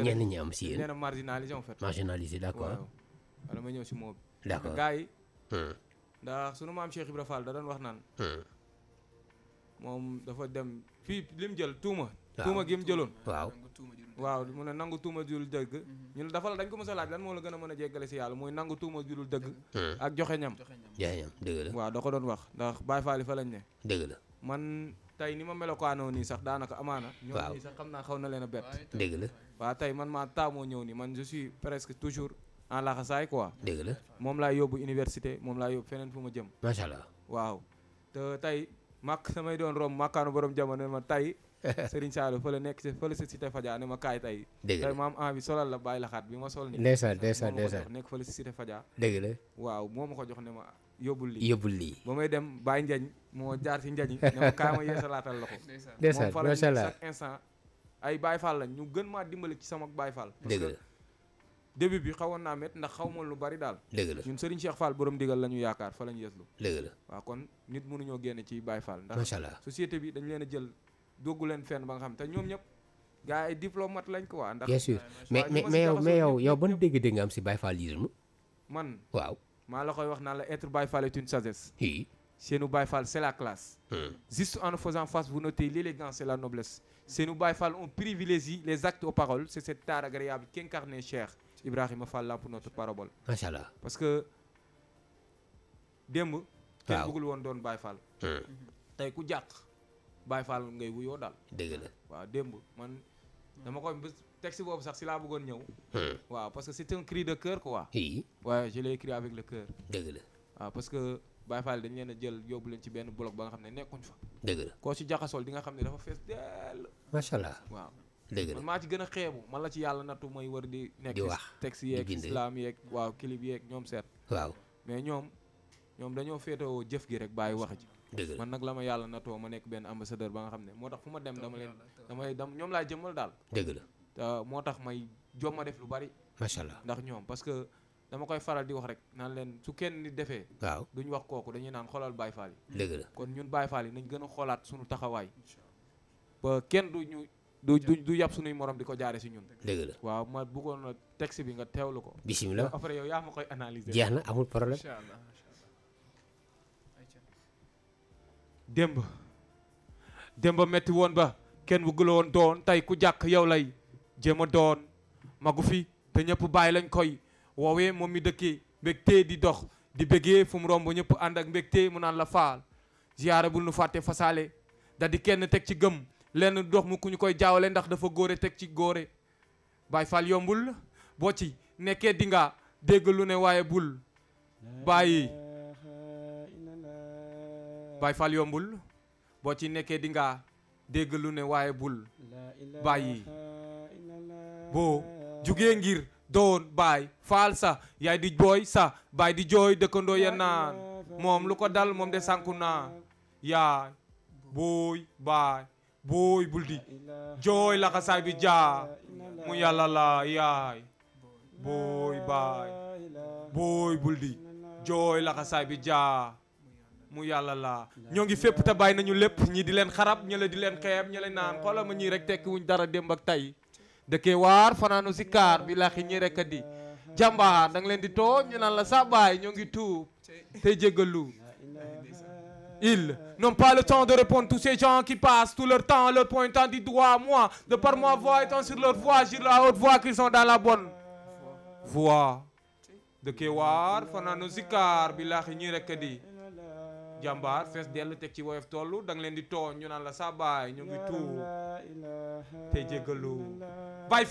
ñenn ñi am si yéen. nee na marginalisé en fait. marginalisé d' accord. waaw wala ma ñëw si moom. d' accord gars yi. Hmm. ndax sunu maam Cheikh Ibrahima Fall da doon wax naan. Hmm. moom dafa dem fii lim jël tuuma. tuuma gi mu jëloon. waaw waaw mu ne nangu tuuma jurul dëgg. Mhm. ñu ne dafa la dañ ko mos a laaj lan moo la gën a mën a jéggale si yàlla muy nangu jurul dëgg. Mhm. joxe ñam. joxe ñam dëgg la. waaw da ko doon wax ndax Baye Fall fa lañ ne. dëgg la man tey ni ma melokaanoo nii sax daanaka amaana. waaw ñoo nii xam naa xaw na leen a bett. la waaw tey man maa taamoo ñëw nii man je presque toujours en laxasaay quoi. dëgg la moom laa yóbbu université moom laa yóbbu feneen fu ma jëm. macha allah waaw te tey màkk samay doon romb màkkaanu borom jamono ma tay *laughs* Serigne Saliou fa la nekk si fa la si cité Fadia ne ma kaay tay dëgg la ma am envie solal la bàyyi la xaat bi ma sol. ndeysaan ndeysaan ndeysaan nekk fa la si cité Fadia. dëgg la waaw moo ma ko jox ne ma yóbbul lii yóbbul lii. ba may dem Baye Njañ moo jaar si Njañ ne ma kaay ma yeesalaatal la ko. *laughs* ndeysaan macha allah moom fa la chaque instant ay Baye Fall lañ ñu gën maa dimbali ci sama Baye Fall. dëgg la début bi xawoon naa met ndax xaw ma lu bari daal. dëgg la ñun Serigne Cheikh Fall borom digal la ñu yaakaar fa la ñu yeslu. dëgg la waaw kon nit mënuñoo génne ci Baye Fall. macha allah société bi dañ leen jël doggu leen fenn ba nga xam te ñoom ñëpp gars ay diplomate lañ ko waa. ndax bien mais mais mais yow mais yow yow ban dégg nga am si Baye Fallisme. man waaw maa la koy wax naa la être Baye Fall est une sagesse. oui seenu Baye Fall c'est la classe. Hmm. juste en faisant face vous notez l'élégance et la noblesse. seenu Baye Fall on privilégie les actes Ibrahima Fall là pour notre parabole. allah parce que démb. waaw kenn woon doon Baye Fall. Hmm. tey ku jàq Baye Fall ngay wuyoo daal. dëgg la waaw démb man dama koy bés si boobu sax si laa bëggoon ñëw. Hmm. waaw parce que c'est un cri de cœur quoi. waa waaye je l'ai avec le cœur. dëgg la waaw parce que. Baye Fall dañ leen a jël yóbbu leen ci benn bloc ba nga xam ne nekkuñ fa. dëgg la koo ci jaxasool di nga xam ne dafa fees dell. macha allah waaw. dëgg man maa ci gën a xeebu man la ci yàlla nattu mooy war di. di wax nekk texte yeeg islam yeeg waaw clip yeeg ñoom seet. waaw mais ñoom ñoom dañoo féetewoo jëf gi rek bàyyi wax ji. dëgg man nag la ma yàlla natoo ma nekk benn ambassadeur ba nga xam ne moo tax fu ma dem dama leen damay dam ñoom laa jëmmal daal. dëgg la te moo tax may jom ma def lu bari. macha ndax ñoom parce que dama koy faral di wax rek naan leen su kenn nit defee. waaw duñ wax kooku dañuy naan xoolal Baye Fall yi. dëgg kon ñun Baye Fall nañ gën a xoolaat suñu taxawaay. du du du yàpp suñuy morom di ko jaare si ñun. dëgg la waaw ma bëggoon na texte bi nga teewlu ko. bisimilah après yow yaa ma koy analyser. jeex na amul problème démb démb metti woon ba kenn bu woon doon tey ku jàkk yow lay jéem a doon magu fi te ñëpp bàyyi lañ koy woowee moom mi dëkkee mbégte di dox di bëggee fu mu romb ñépp ànd ak mbégte mu naan la faal ziyaara lu nu fàtte fasaale da di kenn teg ci gëm. lenn dox mu ku ñu koy jaawale ndax dafa góore teg ci góore Baay Faal yombul boo ci nekkee di nga dégg lu ne waaye bul bàyyi Baay yombul boo ci nekkee di nga ne waaye bul bàyyi boo jugee ngir doon baay faal sa yaay di booy sa baay di jooy dëkkandoo ya naan moom lu ko dal moom de sànku naa yaay booy baay booy bul di jooy laxasaay bi jaa mu yàlla laa yaay booy baay booy bul di jooy laxasaay bi jaa mu yàlla la ñoo ngi fépp te bàyyi nañu lépp ñi di leen xarab ñi di leen xeeb ñi la naan xoolal ma ñii rek tekki dara démb ak tey dëkkee waar fanaanu si kaar bi laaxi ñi rekk a di jàmbaar da leen di tooñ ñu naan la sa baay ñoo ngi tuub tey jéggalu Ils n'ont pas le temps de répondre tous ces gens qui passent tout leur temps leur pointant du doigt moi de par ma voix étant sur leur voix jure à haute voix qu'ils sont dans la bonne voie de kewaar fanaanu zikar billaahi ñii rekk di jàmbaar fees dell teg ci woyof toll da nga leen di tooñ ñu naan la saa baay ñu ngi te jégalu Baay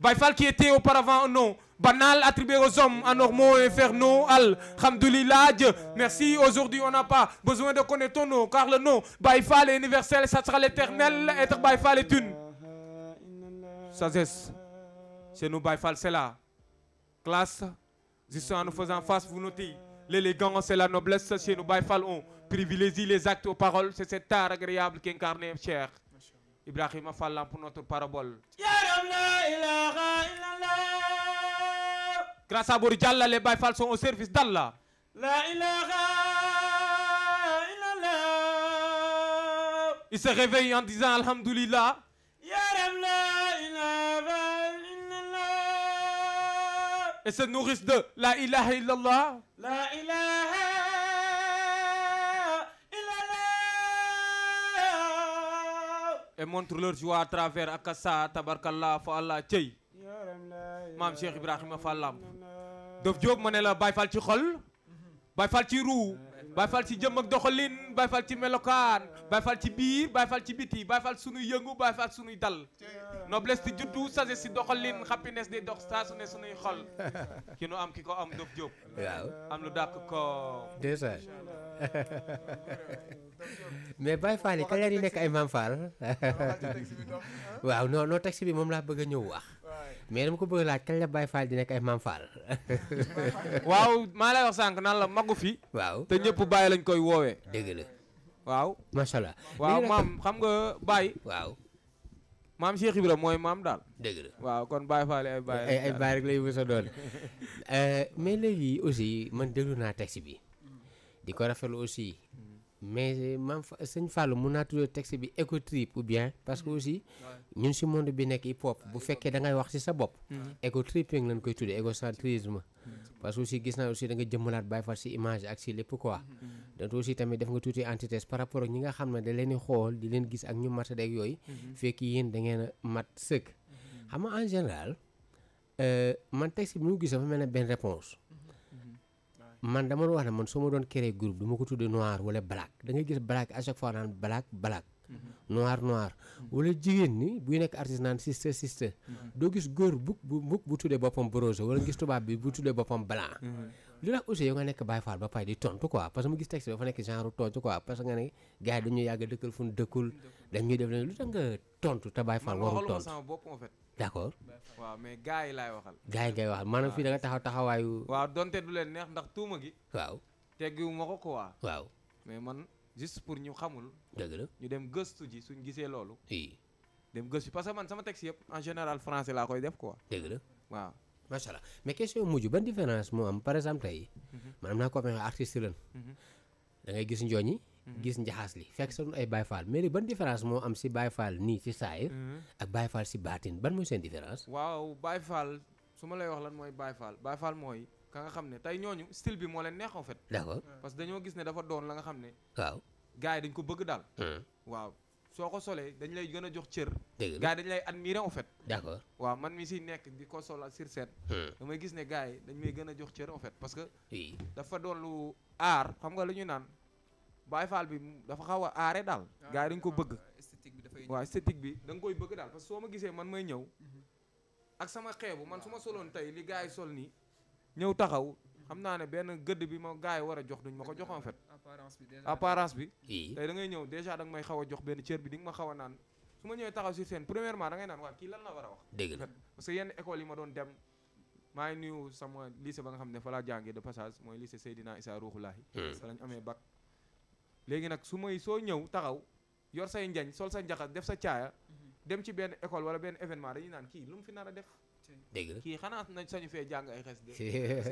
Baïfal qui était auparavant un nom banal attribué aux hommes, anormaux, infernaux, al, hamdulillah, Dieu. Merci, aujourd'hui on n'a pas besoin de connaître ton nom, car le nom Baïfal est universel, ça l'éternel, être Baïfal est une. Sagesse, chez nous faisant face, vous notez, l'élégance et la noblesse, chez nous Baïfal on privilégie les actes aux paroles, c'est cet art agréable qu'incarne cher. Ibrahima Fallam pour notre parabole. Grâce à Bourdialla, les Baye Fall sont au service d'Allah. Il se réveille en disant Alhamdulillah. Et se nourrissent de La ilaha illallah. et montre leur joie à travers ak sa tabarkallah fa allah cey maam Cheikh Ibrahima Fall Lamp Dof Diop ma ne la Baye Fall ci xol Baye Fall ci ruu Baay Faal ci jëm ak doxalin Baay Faal ci melokaan Baay Faal ci biir Baay Faal ci biti Baay Faal sunuy yëngu Baay Faal sunuy dal noblesse di juddu sagesse si doxalin happiness di dox saa su ne sunuy xol *laughs* ki nu am ki ko am Dof Diop waaw am lu dàq ko mais Baay Faal yi kañ la nekk ay Maam Faal *laughs* waaw non non taxi bi moom laa bëgg a ñëw wax mais dama ko bëgg laaj kañ la Baye Fall di nekk ay Maam Fall. *laughs* waaw maa lay wax sànq naan la magu fi. waaw te ñëpp baay lañ koy woowee. dëgg la. waaw macha allah. waaw maam xam nga Baye. waaw. maam Cheikh Ibra mooy maam daal. dëgg la waaw kon Baye Fall ay Baye. ay ay rek lay mës a doon *laughs* euh, mais léegi aussi man déglu naa texte bi. di ko rafetlu aussi. mais maam sëñ Fallou mun naa tuddee texte bi écotrip ou bien parce que mm-hmm. aussi ñun si monde bi nekk hip hop bu fekkee da ngay wax si sa bopp. Mm-hmm. écotripping lañ koy tuddee égocentrisme. Mm-hmm. parce que aussi gis naa aussi da nga jëmmalaat bàyyi fa si image ak si lépp quoi. donc aussi tamit def nga tuuti antithèse par rapport ak ñi nga xam ne da leen di xool di leen gis ak ñu mat ak yooyu. fekk yéen da ngeen a mat sëkk. xam en général euh, man texte bi mu gis dafa mel ne benn réponse man dama wax ne man soo ma doon créer group du ko tuddee noir wala black da ngay gis black à chaque fois naan black black. Mhm. noir noir. Mhm. wala jigéen ni buy nekk artiste naan sister sister. Mhm. doo gis góor bu bu bu tuddee boppam brose wala gis tubaab bi bu tuddee boppam blanc. li tax aussi yow nga nekk Baye Fall ba pare di tontu quoi parce que mu gis texte dafa nekk genre tontu quoi parce que nga ne gars yi yàgg dëkkal fu ñu dëkkul dañuy def lu tax nga tontu te tontu. sama bopp en fait. d' accord. waaw mais gars yi laay waxal. gars yi ngay waxal maanaam fii da taxaw taxawaayu. waaw donte du leen neex ndax tuuma gi. waaw teggiwu ma ko ko quoi. waaw mais man juste pour ñu xamul. dëgg la ñu dem gëstu ji suñ gisee loolu. oui dem gëstu parce que man sama si yëpp en général français laa koy def quoi. dëgg la waaw. macha allah mais question mujj ban différence moo am par exemple tey. Mhm. maanaam naa ko waxee artiste lan. Mhm. da ngay gis njooñi. Mm-hmm. gis njaxas li fekk sa ay Baye Fall mais ban différence moo am si Baye Fall nii ci saayir mm-hmm. ak Baye Fall si baatin ban mooy seen différence. waaw Baye Fall su ma lay wax lan mooy Baye Fall Baye Fall mooy ka nga xam ne tey ñooñu style bi moo leen neex en fait. d'accord parce la nga xam ne. waaw mm. lay gën a jox cër. dëgg gars yi lay admirer en fait. waaw man mi si nekk di ko solal sur scène. Mm. damay gis ne gars yi dañ may gën a jox cër en fait dafa doon lu aar xam Baye Fall bi dafa xaw a aare daal. Ah, gars yi dañ ko bëgg. esthétique bi dafay waaw esthétique bi da koy bëgg daal parce soo ma gisee man may ñëw. Mm-hmm. ak sama xeebu man su ma soloon tey li gars yi sol nii. ñëw taxaw xam naa ne benn gëdd bi ma gars yi war a jox duñ ma ko jox en fait. apparence bi apparence bi. tey da ngay ñëw dèjà da nga may xaw a jox benn cër bi di ma xaw a naan. su ma ñëwee taxaw sur scène premièrement da naan waa kii lan la war a wax. dëgg la parce que yenn école yi ma doon dem. maa ba nga xam ne fa laa jàngee de passage mooy lycée Seydina Issa Rouhoulahi. Hmm. lañ amee bac léegi nag su may soo ñëw taxaw yor say njañ sol sa njaxas def sa caaya mhm. dem ci benn école wala benn événement dañuy naan kii lu mu fi nar a def dëgg la kii xanaa nañ sañu fee jàng ay de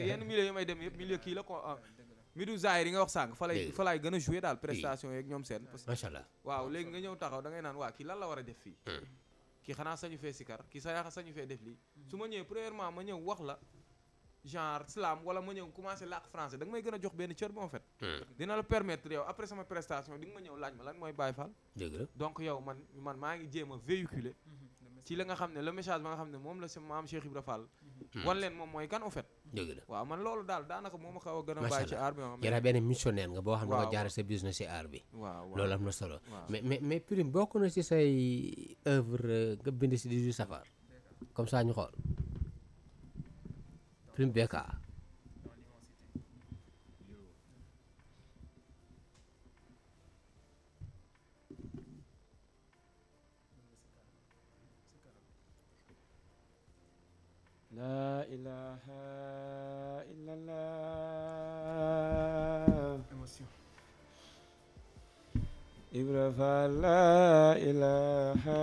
*laughs* yenn kii la ko ah. mi yi nga wax sànq fa lay laay gën a joué daal prestation yeeg ñoom seen macha allah waaw léegi nga ñëw taxaw da naan waa kii lan la war a def fii hmm. kii xanaa sañu fee sikar kii sa yaaxa sañu fee def lii hmm. su ma ñëwee premièrement ma ñëw wax la genre slam wala ma ñëw commencé làkk français da nga may gën a jox benn cër bu ma fet dina la permettre yow après sama prestation di ma ñëw laaj ma lan mooy Baye Fall donc yow man man maa ngi jéem a véhiculer mhm. ci la nga xam ne le message ba xam ne moom la sa maam Cheikh hmm. mooy kan au fait waaw man loolu daal daanaka moo ma xaw a gën a bàyyi ci aar bi yow daa benn missionnaire nga boo xam ne nga jaare sa business ci aar bi waaw loolu am na solo mais mais Prime bokk na ci say œuvre euh, nga bind ci 18 safar comme ça ñu xool prime BK laa ilaaha illallaah Ibra Faal laa ilaaha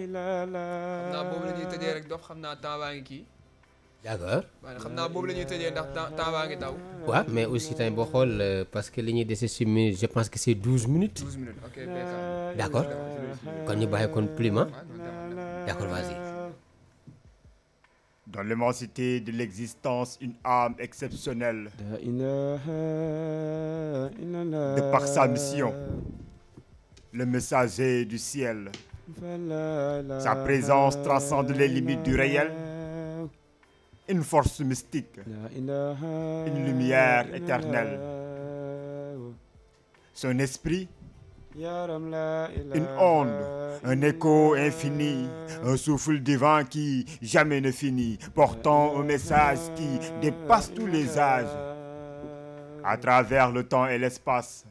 illallaah xam naa boobu la ñuy tëjee rek dof xam naa temps baa ngi kii d'accord maanaam xam naa boobu la ñuy tëjee ndax temps temps baa ngi daw. mais aussi tamit boo xool euh, parce que li ñuy dese si minute je pense que c'est douze minutes. douze minutes ok euh, d'accord kon ñu bàyyi kon pliment d'accord vas-y. Dans l'immensité de l'existence, une âme exceptionnelle, de par sa mission, le messager du ciel. Sa présence transcende les limites du réel. une force mystique, une lumière éternelle. Son esprit, une onde, un écho infini, un souffle divin qui jamais ne finit, portant un message qui dépasse tous les âges. À travers le temps et l'espace,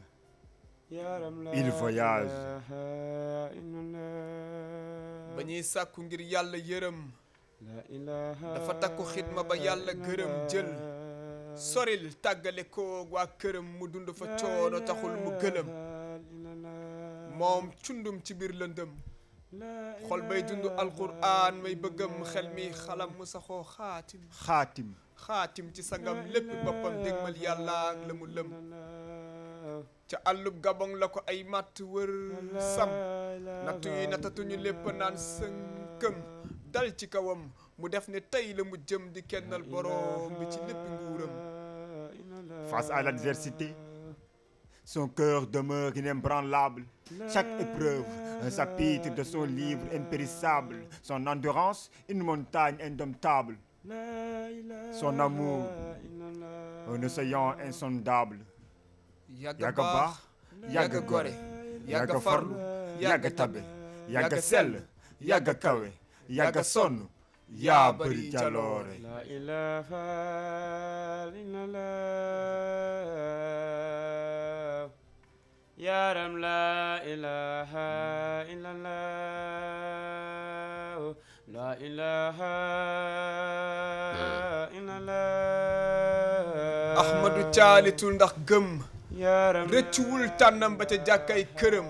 il voyage. ngir yàlla yërëm dafa takku xidma ba yàlla gërëm jël soril tàggale koog waa këram mu dund fa coono taxul mu gëlëm moom cundum ci biir lëndëm xol bay dund alquran may bëggam xel mi xalam mu saxoo xaatim xaatim xaatim ci sangam lépp boppam dégmal yàlla ak la mu lëm ca àllub gabon la ko ay matt wër sam nattu natatuñu lépp naan sënkëm dal ci kawam mu def ne tey la mu jëm di kennal boroom bi ci lépp nguuram face à l'adversité son cœur demeure inébranlable chaque épreuve un chapitre de son livre impérissable son endurance une montagne indomptable son amour un océan insondable yàgg baax yàgg gore yàgg farlu yàgg tabe yàgg sell yàgg kawe yàgga sonn yaa bëri jaloore la ilaha illallah yaaram la ilaha illallah la ilaha illallah ahmadu caalitul ndax gëm yaaram rëccuwul tànnam ba ca jàkkay këram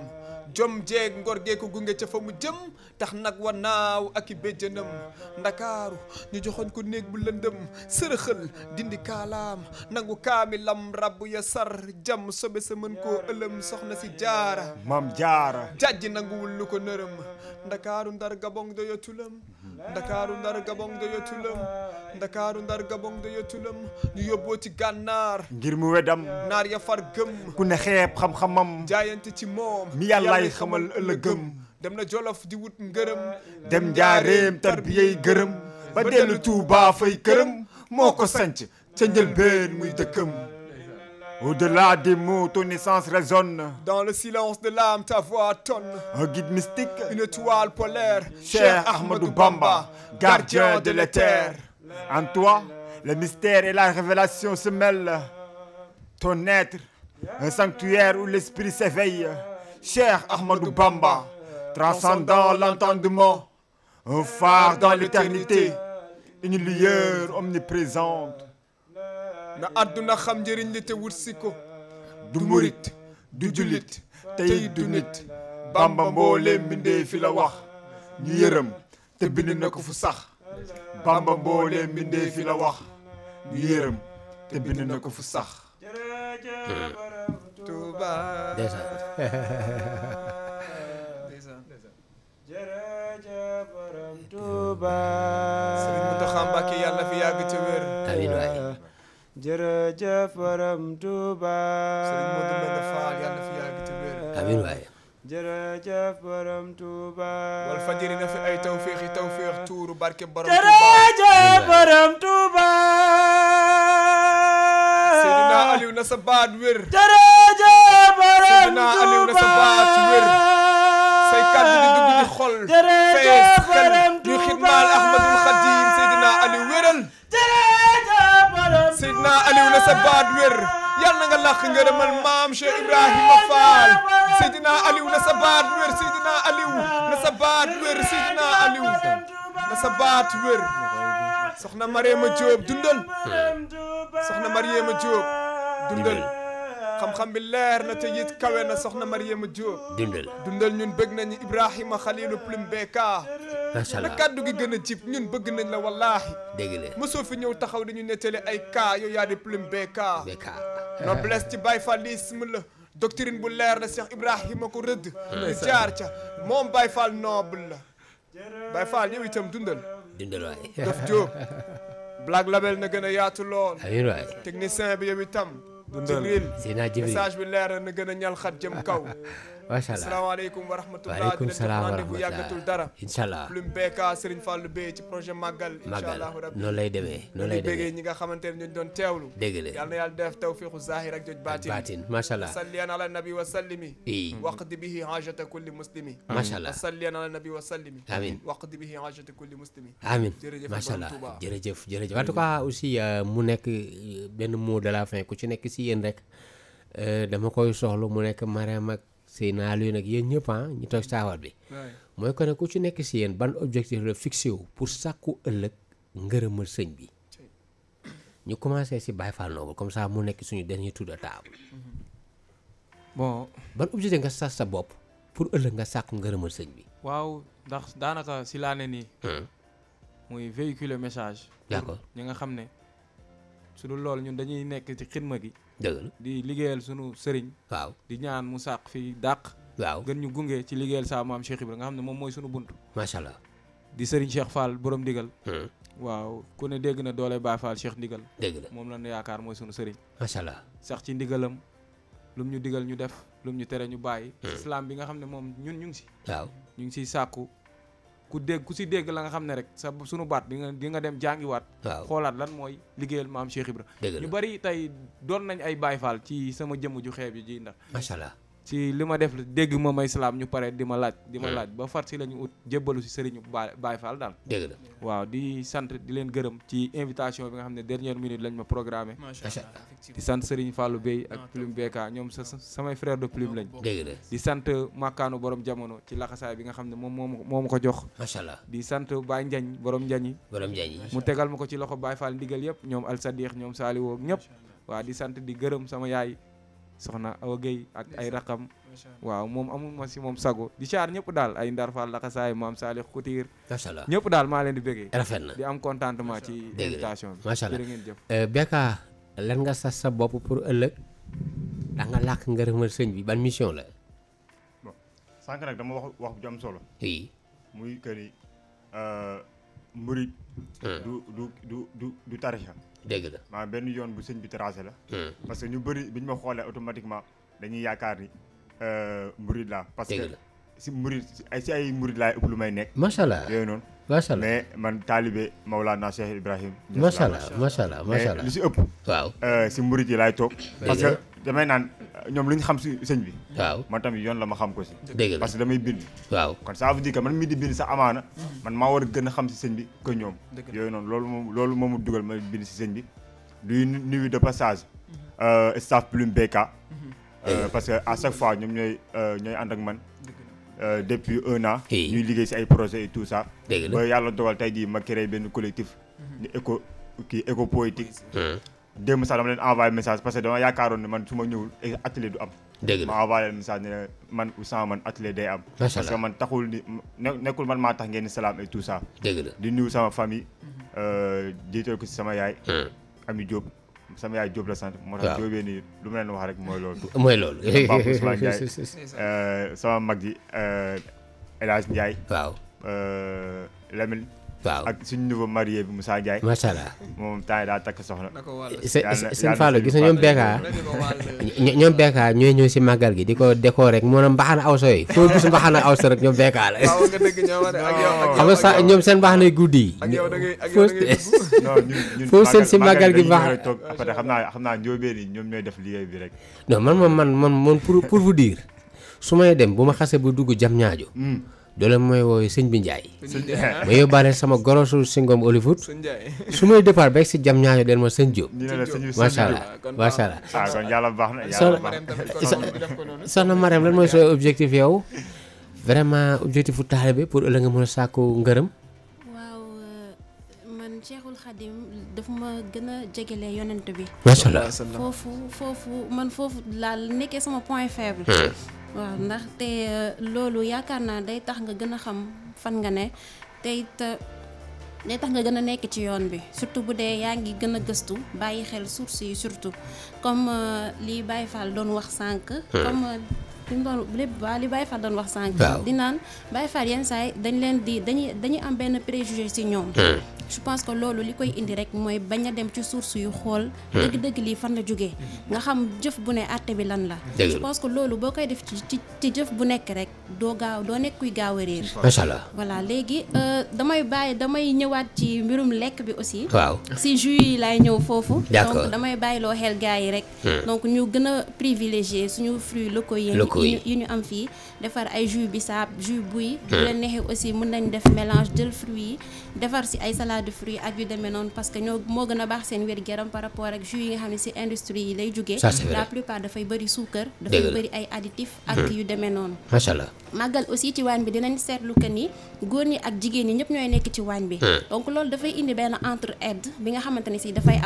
jom jeeg ngor gee ko gunge ca fa mu jëm tax nag wa naaw ak i béjjënam ndakaaru ñu joxoñ ko néeg bu lëndëm sërëxël dindi kaalaam nangu kaamilam rabbu ya sar jam sobe sa mën koo ëlëm soxna si jaara maam jaara jajji nanguwul lu ko nërëm ndakaaru ndar gabong doyo ndakaaru ndar gabon nga yottulam ndakaaru ndar gabon nga yottulam ñu yóbbooti gànnaar ngir mu wedam naar ya far gëm ku ne xeeb xam-xamam jaayante ci moom mi yàllaay xamal ëllëgëm dem na jolof di wut ngërëm dem njaareem tarbiyey gërëm ba dellu tuubaa fay kërëm moo ko sanc ca njëlbeen muy dëkkam Au-delà des mots, ton de l'âme, En toi, le mystère et la révélation se mêlent. Ton être, un sanctuaire où l'esprit s'éveille. Cher Ahmadou Bamba, transcendant l'entendement. Un phare dans l'éternité, une lueur omniprésente. na àdduna xam njëriñ li te wut du murit du jullit tey du bamba mbooleem mbindee fi la wax ñu yërëm te bind na ko fu sax bamba mbooleem mbindee fi la wax ñu yërëm te bind na ko fu sax Touba jërëjëf borom Touba. sëriñ na fi yàgg ci wér. amiin waay. jërëjëf borom na fi ay tawféex yi tawféex tuuru barke borom Touba. di dugg xol. jërëjëf borom Touba Mawlana Aliou na sa baat wér yal na nga làq ngërëmal maam Cheikh Ibrahima Fall Seydina Aliou na sa baat wér Seydina Aliou na sa baat wér Seydina Aliou na sa baat wér soxna Mariama Diop dundal soxna Mariama Diop dundal xam-xam bi leer na te it kawe na soxna Mariama Diop dundal dundal ñun bëgg nañu Ibrahima Khalilu Plume BK macha allah kàddu gi gën a jib ñun bëgg nañ la wallaahi. dégg la mosoo fi ñëw taxaw dañu nettali ay cas yow yaa di plume BK. BK noblesse ci Baye Fallisme la. doctrine bu leer la Cheikh Ibrahima ko rëdd. Hmm. jaar ca moom bay Fall noble la. Baye Fall tam dundal. dundal waay daf Diop. Black Label na gën a yaatu lool. amiin waay technicien bi yow itam. dundal Jibril message bi leer na gën a ñal xat jëm kaw. *laughs* macha allah asalaamaaleykum wa rahmatulah waaleykum salaam wa rahmatulah yàggatul dara incha allah plume BK Serigne Fallou Bey projet Magal incha allah rabbi lay demee noonu ñi nga xamante ne ñu doon teewlu dégg la yàlla na yàlla def tawfiqu zahir ak joj baatin baatin macha allah salliyan ala nabi wa sallimi waqdi bihi hajata kulli muslimi macha allah salliyan ala nabi wa sallimi amin waqdi bihi hajata kulli muslimi amin jërëjëf macha allah jërëjëf jërëjëf en tout cas aussi euh, mu nekk euh, benn moo de la fin ku ci nekk si yéen rek euh, dama koy soxlu mu nekk Mariam ak si naa leen nag yéen ñëpp ah, ñu toog saawar bi. mooy que ne ku ci nekk si yéen ban objectif la fixé wu pour sàkku ëllëg ngërëmal sëñ bi. ñu commencé si Baye Fall Noble comme ça mu nekk suñu dernier tour de table. Mm-hmm. bon ban objectif nga sas sa bopp pour ëllëg nga sàkku ngërëmal sëñ bi. waaw ndax daanaka si laa ne nii. Hmm. muy véhiculer message. d' accord ñi nga xam ne su dul loolu ñun dañuy nekk ci xidma gi. dëgg di liggéeyal sunu sëriñ. waaw di ñaan mu sàq fi dàq. waaw gën ñu gunge ci liggéeyal saa maam Cheikh Ibra nga xam ne moom mooy sunu bunt. macha allah di sëriñ Cheikh faal borom ndigal. Hmm. waaw ku ne dégg na doole Baay Fall Cheikh ndigal. moom la ñu yaakaar mooy sunu sëriñ. macha allah sax ci ndigalam lum ñu digal ñu def lum ñu tere ñu bàyyi. Hmm. islam bi nga xam ne moom ñun ñu ngi si. waaw ñu ngi siy sàkku. ku dégg ku si dégg la nga xam ne rek sa sunu baat di nga di nga dem jàngiwaat. xoolaat lan mooy liggéeyal maam Cheikh Ibra ñu bari tey doon nañ ay Baay Faal ci sama jëmm ju xeeb yi ji ndax. macha allah ci li ma def dégg ma may salaam ñu pare di ma laaj di ma laaj ba far si la ñu ut jébbalu si sëriñu Baay Baay Faal daal dégg la waaw di sant di leen gërëm ci invitation bi nga xam ne dernière minute lañ ma programmé di sant sëriñ Fallou Bey ak Plume BK ñoom sa samay frère de Plume lañ dégg la di sant makkaanu borom jamono ci laxasaay bi nga xam ne moom moom moo ma ko jox macha allah di sant Baay Njañ borom Njañ yi borom Njañ yi mu tegal ma ko ci loxo Baay Faal ndigal yëpp ñoom Al Sadiq ñoom Saliou ñëpp waaw di sant di gërëm sama yaay soxna aw Guèye ak ay raqam waaw moom amul ma si moom sago di caar ñëpp daal ay Ndar Fall Lakasaay maam Salih Koutir macha allah ñëpp daal maa leen di bëggee rafet na di am contentement ci invitation bi macha allah jërë ngeen eh, nga sas sa bopp pour ëllëg danga ndax nga làkk ngërëmal sëñ bi ban mission la bon dama wax wax solo oui muy euh, hmm. du du du dégg la maanaam benn yoon bu sëñ bi tracé la. Hmm. parce que ñu bëri bi ñu ma xoolee automatiquement dañuy yaakaar ni euh, murid laa. parce que si murid si ay murid laay ëpp lu may nekk. macha allah yooyu noonu. macha allah mais man taalibe Maulana Cheikh Ibrahim. macha allah macha allah macha si ëpp. waaw euh, si murid yi laay toog. parce que damay naan. ñoom lu ñu xam si sëñ bi. waaw man tamit yoon la ma xam ko si. parce que damay bind. waaw kon ça veut dire que man mii di bind sax amaana. man maa war a gën a xam si sëñ bi que ñoom. yooyu noonu loolu moom loolu moomu dugal ma bind si sëñ bi. luy nuyu de passage. Euh, staff plume BK. Euh, parce que à chaque fois ñoom ñooy euh, ñooy ànd ak man. depuis un an. ñuy liggéey si ay projet et tout ça. ba yàlla dogal tey jii ma créé benn collectif. ñu mm-hmm. éco kii démb sax dama leen envoyé message parce que dama yaakaaroon ne man su ma ñëwul eh, atelier du am. dëgg la ma envoyé leen ne man Ousmane man atelier day am. parce que man taxul ni nekkul man maa tax ngeen ni salaam et tout ça. dëgg la di nuyu sama famille. Euh, jiital ko si sama yaay. Hmm. Ami jóob sama yaay Diop la sant. moo tax Diop nii lu ma leen wax rek mooy loolu. *laughs* mooy loolu. Pape *laughs* euh, sama mag ji euh, El Hadj Ndiaye. waaw Lamine. waaw ak suñu nouveau marié bi Moussa Ndiaye. macha allah moom temps yii daa takk soxna. sëñ Fallou gis na ñoom Beka. ñoom Beka ñooy ñëw si màggal gi di ko décorer rek mu ne mbaxana awso yi foo gis mbaxana awso rek ñoom Beka la. xam nga sa ñoom seen mbaxana guddi yi. foo *laughs* foo seen si màggal gi baax. parce que xam naa xam naa ñooy def liggéey bi rek. non man moom man man man pour pour vous su may dem bu ma xasee bu dugg jam ñaajo hmm. doole mooy woowee sëñ bi Ndiaye. *laughs* ma yóbbaale sama gorosu singom Hollywood. su may départ beeg si jam ñaajo del ma sëñ Diop. macha allah macha allah. ah kon baax na yàlla baax na soxna Marème lan mooy sa objectif yow. vraiment objectif bu taalibe pour ëllëg nga mën a sàkku ngërëm. Euh, daf ma gën a jegele yonent bi. macha foofu foofu man foofu laa nekkee sama point faible. Hmm. waaw ndax ndaxte euh, loolu yaakaar naa day tax nga gën a xam fan nga ne te it euh, day tax nga gën a nekk ci yoon bi surtout bu dee yaa ngi gën a gëstu bàyyi xel source yi surtout comme euh, li bàyyi Fall doon wax sànq. Hmm. comme li mu doon lépp ba li Baye Fall doon wax sànq. di naan Baye Fall yenn saa yi dañ leen di dañuy dañuy am benn préjugé ci ñoom. Hmm. je pense que loolu li koy indi rek mooy bañ a dem ci source yu xool. Hmm. dëgg-dëgg lii fan la jógee. Hmm. nga xam jëf bu ne àtte bi lan la. je pense que loolu boo koy def ci ci jëf bu nekk rek doo gaaw doo nekk kuy gaaw a réer. macha allah voilà léegi euh, damay bàyyi damay ñëwaat ci mbirum lekk bi aussi. waaw si jus yi laay ñëw foofu. donc damay bàyyi loo xel gars yi rek. donc ñu gën a privilégier suñu fruits locaux yi. yu ñu am fii defar ay jus bisaab jus buy bu eh. la neexee aussi mën nañ def mélange jël fruits yi defar si ay salade de ak yu demee noonu parce moo gën a baax seen wér yaram par rapport ak jus yi nga xam ne si industrie yi lay jógee la plupart dafay bëri suukar dafay bëri ay additif hmm. ak yu demee noonu macha aussi ci waañ bi dinañ seetlu que ni góor ñi ak jigéen ñi ñëpp ñooy nekk ci waañ bi hmm. donc loolu dafay indi benn entre aide bi nga xamante ne si dafay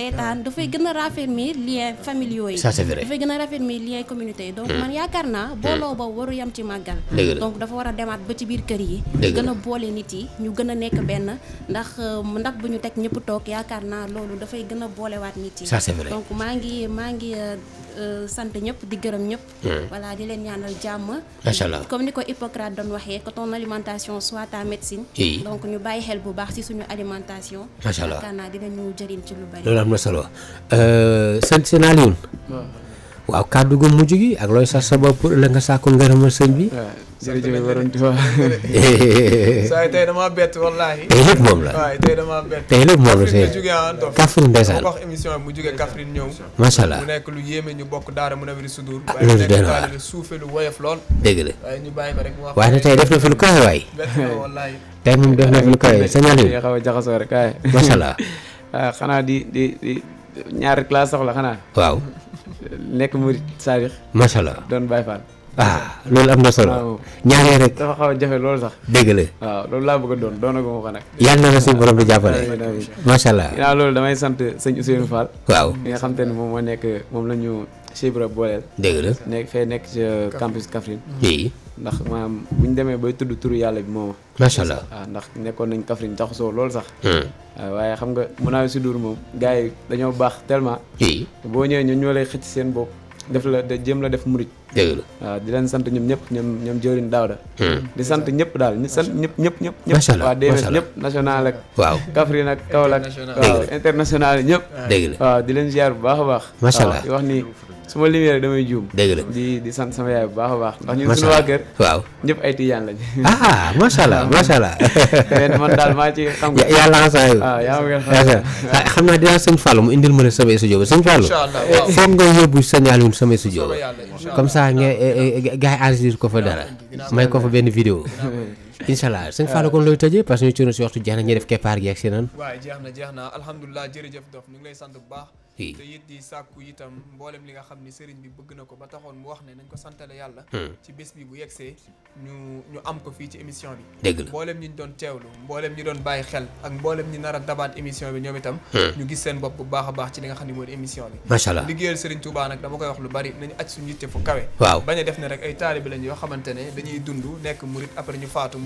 a raffermir yi ça c'est vrai dafay gën a raffermir lien communauté yi donc hmm. man yaakaar naa hmm. booloo ba waru yam ci màggal donc dafa war a demaat ba ci biir kër yi gën a boole nit yi ñu gën a nekk benn ndax euh, ndax bu ñu teg ñëpp toog yaakaar naa loolu dafay gën a boolewaat nit yi ça donc maa ngi maa ngi euh, Euh, sant ñëpp di gërëm ñëpp. voilà di leen ñaanal jàmm. macha allah comme ni ko Hippocrate doon waxee que ton alimentation soit ta médecine. donc ñu bàyyi xel bu baax ci suñu alimentation. macha allah yaakaar naa dinañu jëriñ ci lu bari. loolu am na solo seen euh, seen waaw kàddu gu mujj gi ak looy sax sa bopp la nga sàkku ngërëmal sëñ bi. waaw jërëjëf waroon tubaab. *laughs* saa yi tey damaa bett wallaahi. tey lépp moom la waaw tey damaa bett. tey lépp moom la tey Kaffrine ah, ndeysaan wax émission ñëw. macha allah mu nekk lu yéeme ñu bokk daara mu nawiri sudur. ah loolu dana waaw waaye lu woyof lool. dëgg la waaye ñu bàyyi ko rek. waaye nag tey def na fi lu kawe waay. tey moom def na fi lu kawe sëñ Aliou. xaw a jaxasoo rek waaye. macha allah. *laughs* Ah, xanaa di di di ñaari classe sax waaw nekk murit saadix macha allah doon Baay Faal ah loolu am na solo ñaaree rek dafa xaw a jafe loolu sax dégg la waaw loolu laa bëgg a doon doonaguma ko nag yàlla na la suñu borom bi jàppale macha allah ginnaaw loolu damay sant sëñ Ousseynou Fall waaw mi nga xam te ne moom moo nekk moom la ñu Chibra booleel. dëgg la nekk fee nekk ca campus Kaffrine. ndax maanaam bu ñu demee bay tudd turu yàlla bi moom. macha allah waaw ah, ndax nekkoon nañ Kaffrine jaxasoo loolu sax. Hmm. Ah, waaye xam nga mën naa si dur moom gars yi dañoo baax tellement. boo ñëwee ñun ñoo lay seen bopp. def la de jéem la def murit. dëgg la ah, di leen sant ñoom ñëpp ñoom ñoom jëwriñ da hmm. di sant ñëpp daal ñu sant ñëpp ñëpp ñëpp. macha allah macha allah waa DMS ñëpp national ak. waaw Kaffrine ak Kaolack. waaw international ñëpp. dëgg la waaw di leen ziar bu baax a baax. macha allah wax ni. su ma limee rek damay juum. dëgg la di di sant sama yaay bu baax a baax. ndax ñun suñu waa kër. waaw ñëpp ay tijaan lañ. ah macha allah *laughs* macha allah. mais *laughs* man xam yàlla nga saa yu. Ah, ah, xam naa dinaa sëñ Fallou mu indil ma la sama studio ba sëñ Fallou. foog nga yóbbu sëñ Alioune sama studio ba. comme ça nga eh, eh, gars yi enregistré ko fa dara. may ko fa benn vidéo. *laughs* incha allah sëñ Fallou kon looy tëjee parce que ñu ci si waxtu jeex na ñuy def keppaar gi ak si nan. jeex na alhamdulilah jërëjëf dof ñu ngi lay sant bu baax te it di sàkku itam mboolem li nga xam ni sëriñ bi bëgg na ko ba taxoon mu wax ne nañ ko santale yàlla hmm. ci bés bi bu yegsee ñu ñu am ko fii ci émission bi dëgg la mboolem ñi doon teewlu mboolem ñi doon bàyyi xel ak mboolem ñi nar a dabaat émission bi ñoom itam hmm. ñu gis seen bopp bu baax a baax ci li nga xam ni moo di émission bi macha allah liggéeyal sëriñ Touba nag dama koy wax lu bari nañu aj suñu yitte fu kawe bañ a def ne rek ay taalibe lañ yoo xamante ne dañuy dund nekk murit après ñu faatu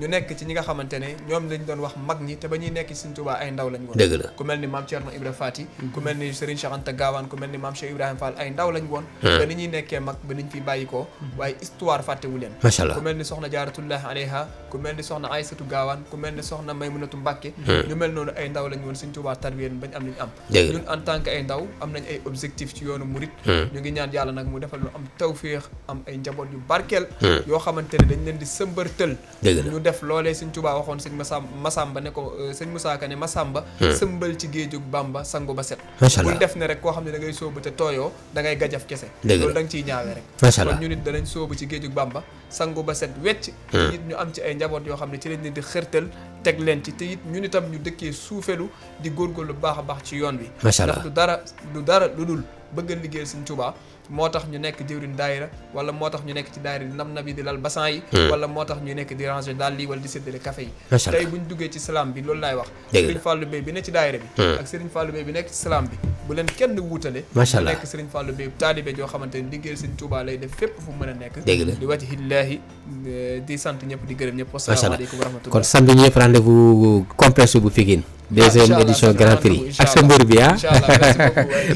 ñu nekk ci ñi nga xamante ne ñoom lañ doon wax mag ñi te ba ñuy nekk ci Sëriñ ay ndaw lañ woon dëgg la ku mel ni maam Thierno Ibra Fati mm-hmm. ku mel ni Gaawaan ku mel ni maam Cheikh Ibrahima Fall woon hmm. ba ni ñuy nekkee mag ba fi bàyyi ko mm-hmm. waaye histoire fàttewu leen macha allah mel ni soxna Jaaratullahi alayha ku mel ni soxna Aysatu Gaawaan ku mel ni soxna Maymunatu Mbàkke hmm. ñu mel noonu ay ndaw lañ woon Sëriñ Tuubaa tarwiyeen bañ am liñ am ñun en tant que ay ndaw am nañ ay objectif ci yoonu murit hmm. ñu ngi ñaan yàlla nag mu defal lu am tawféex am ay njaboot yu barkeel yoo xamante ne dañ leen di sëmbërtël def loolee sëñ Tuubaa waxoon sëñ Masamba Masamba ne ko euh, sëñ Moussa Ka ne Masamba hmm. sëmbal ci géejug Bamba sangu ba set bul def ne rek koo xam ne da ngay sóobu te tooyoo da ngay gajaf kese loolu da ciy ñaawee rek kon ñu nit danañ sóobu ci géejug Bamba sangu ba set wecc nit hmm. ñu am ci ay njaboot yoo xam ne ci lañ leen di xërtal teg leen ci te it ñu nitam ñu dëkkee suufelu di góorgóorlu baax a baax ci yoon bi ndax du dara du dara lu dul bëgg liggéeyal sëñ Tuubaa moo tax ñu nekk jëwriñ daayira wala moo tax ñu nekk ci daayira di nam nabi di lal basan yi hmm. wala moo tax ñu nekk di ranger daal yi wala di séddale café yi tey buñ duggee ci salaam bi loolu laay wax Serigne ne ci daayira bi hmm. ak Serigne Fallou Bey bi salaam bi bu leen kenn wuutale macha allah nekk Serigne Fallou Bey xamante ni liggéeyal Serigne Touba lay def fépp fu mën nekk di wati hillaahi sant ñëpp di gërëm ñëpp wasalaamaaleykum wa rahmatullah kon samedi ñëpp rendez-vous complexe bu Pikine deuxième édition Grand Prix ak sa mbër bi ah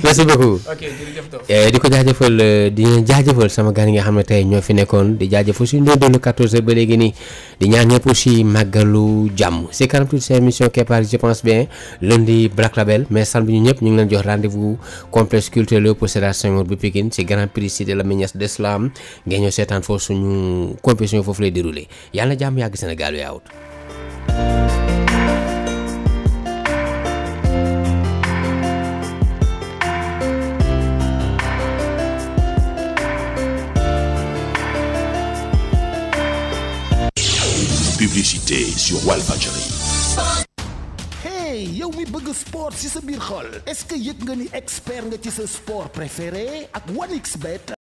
merci beaucoup *laughs* eh, di ko jaajëfal eh, di jaajëfal sama gan yi nga xam ne tey ñoo fi nekkoon di jaajëfal suñu doon doon 14 heures ba léegi nii di ñaan ñëpp aussi màggalu jàmm c'est 48 mission Keppaar je pense bien di Black Label mais samedi ñu ñëpp ñu ngi leen jox rendez-vous complexe culturel Léopold Sédar Senghor bu Pikine ci Grand Prix Cité Lamine Niass d'Islam ngeen ñëw seetaan foofu suñu compétition foofu lay déroulé yàlla jàmm yàgg Sénégal yaawut publicité sur yow mi bëgg sport si sa biir xol est-ce que yëg nga ni expert nga ci sa sport préféré ak 1xBet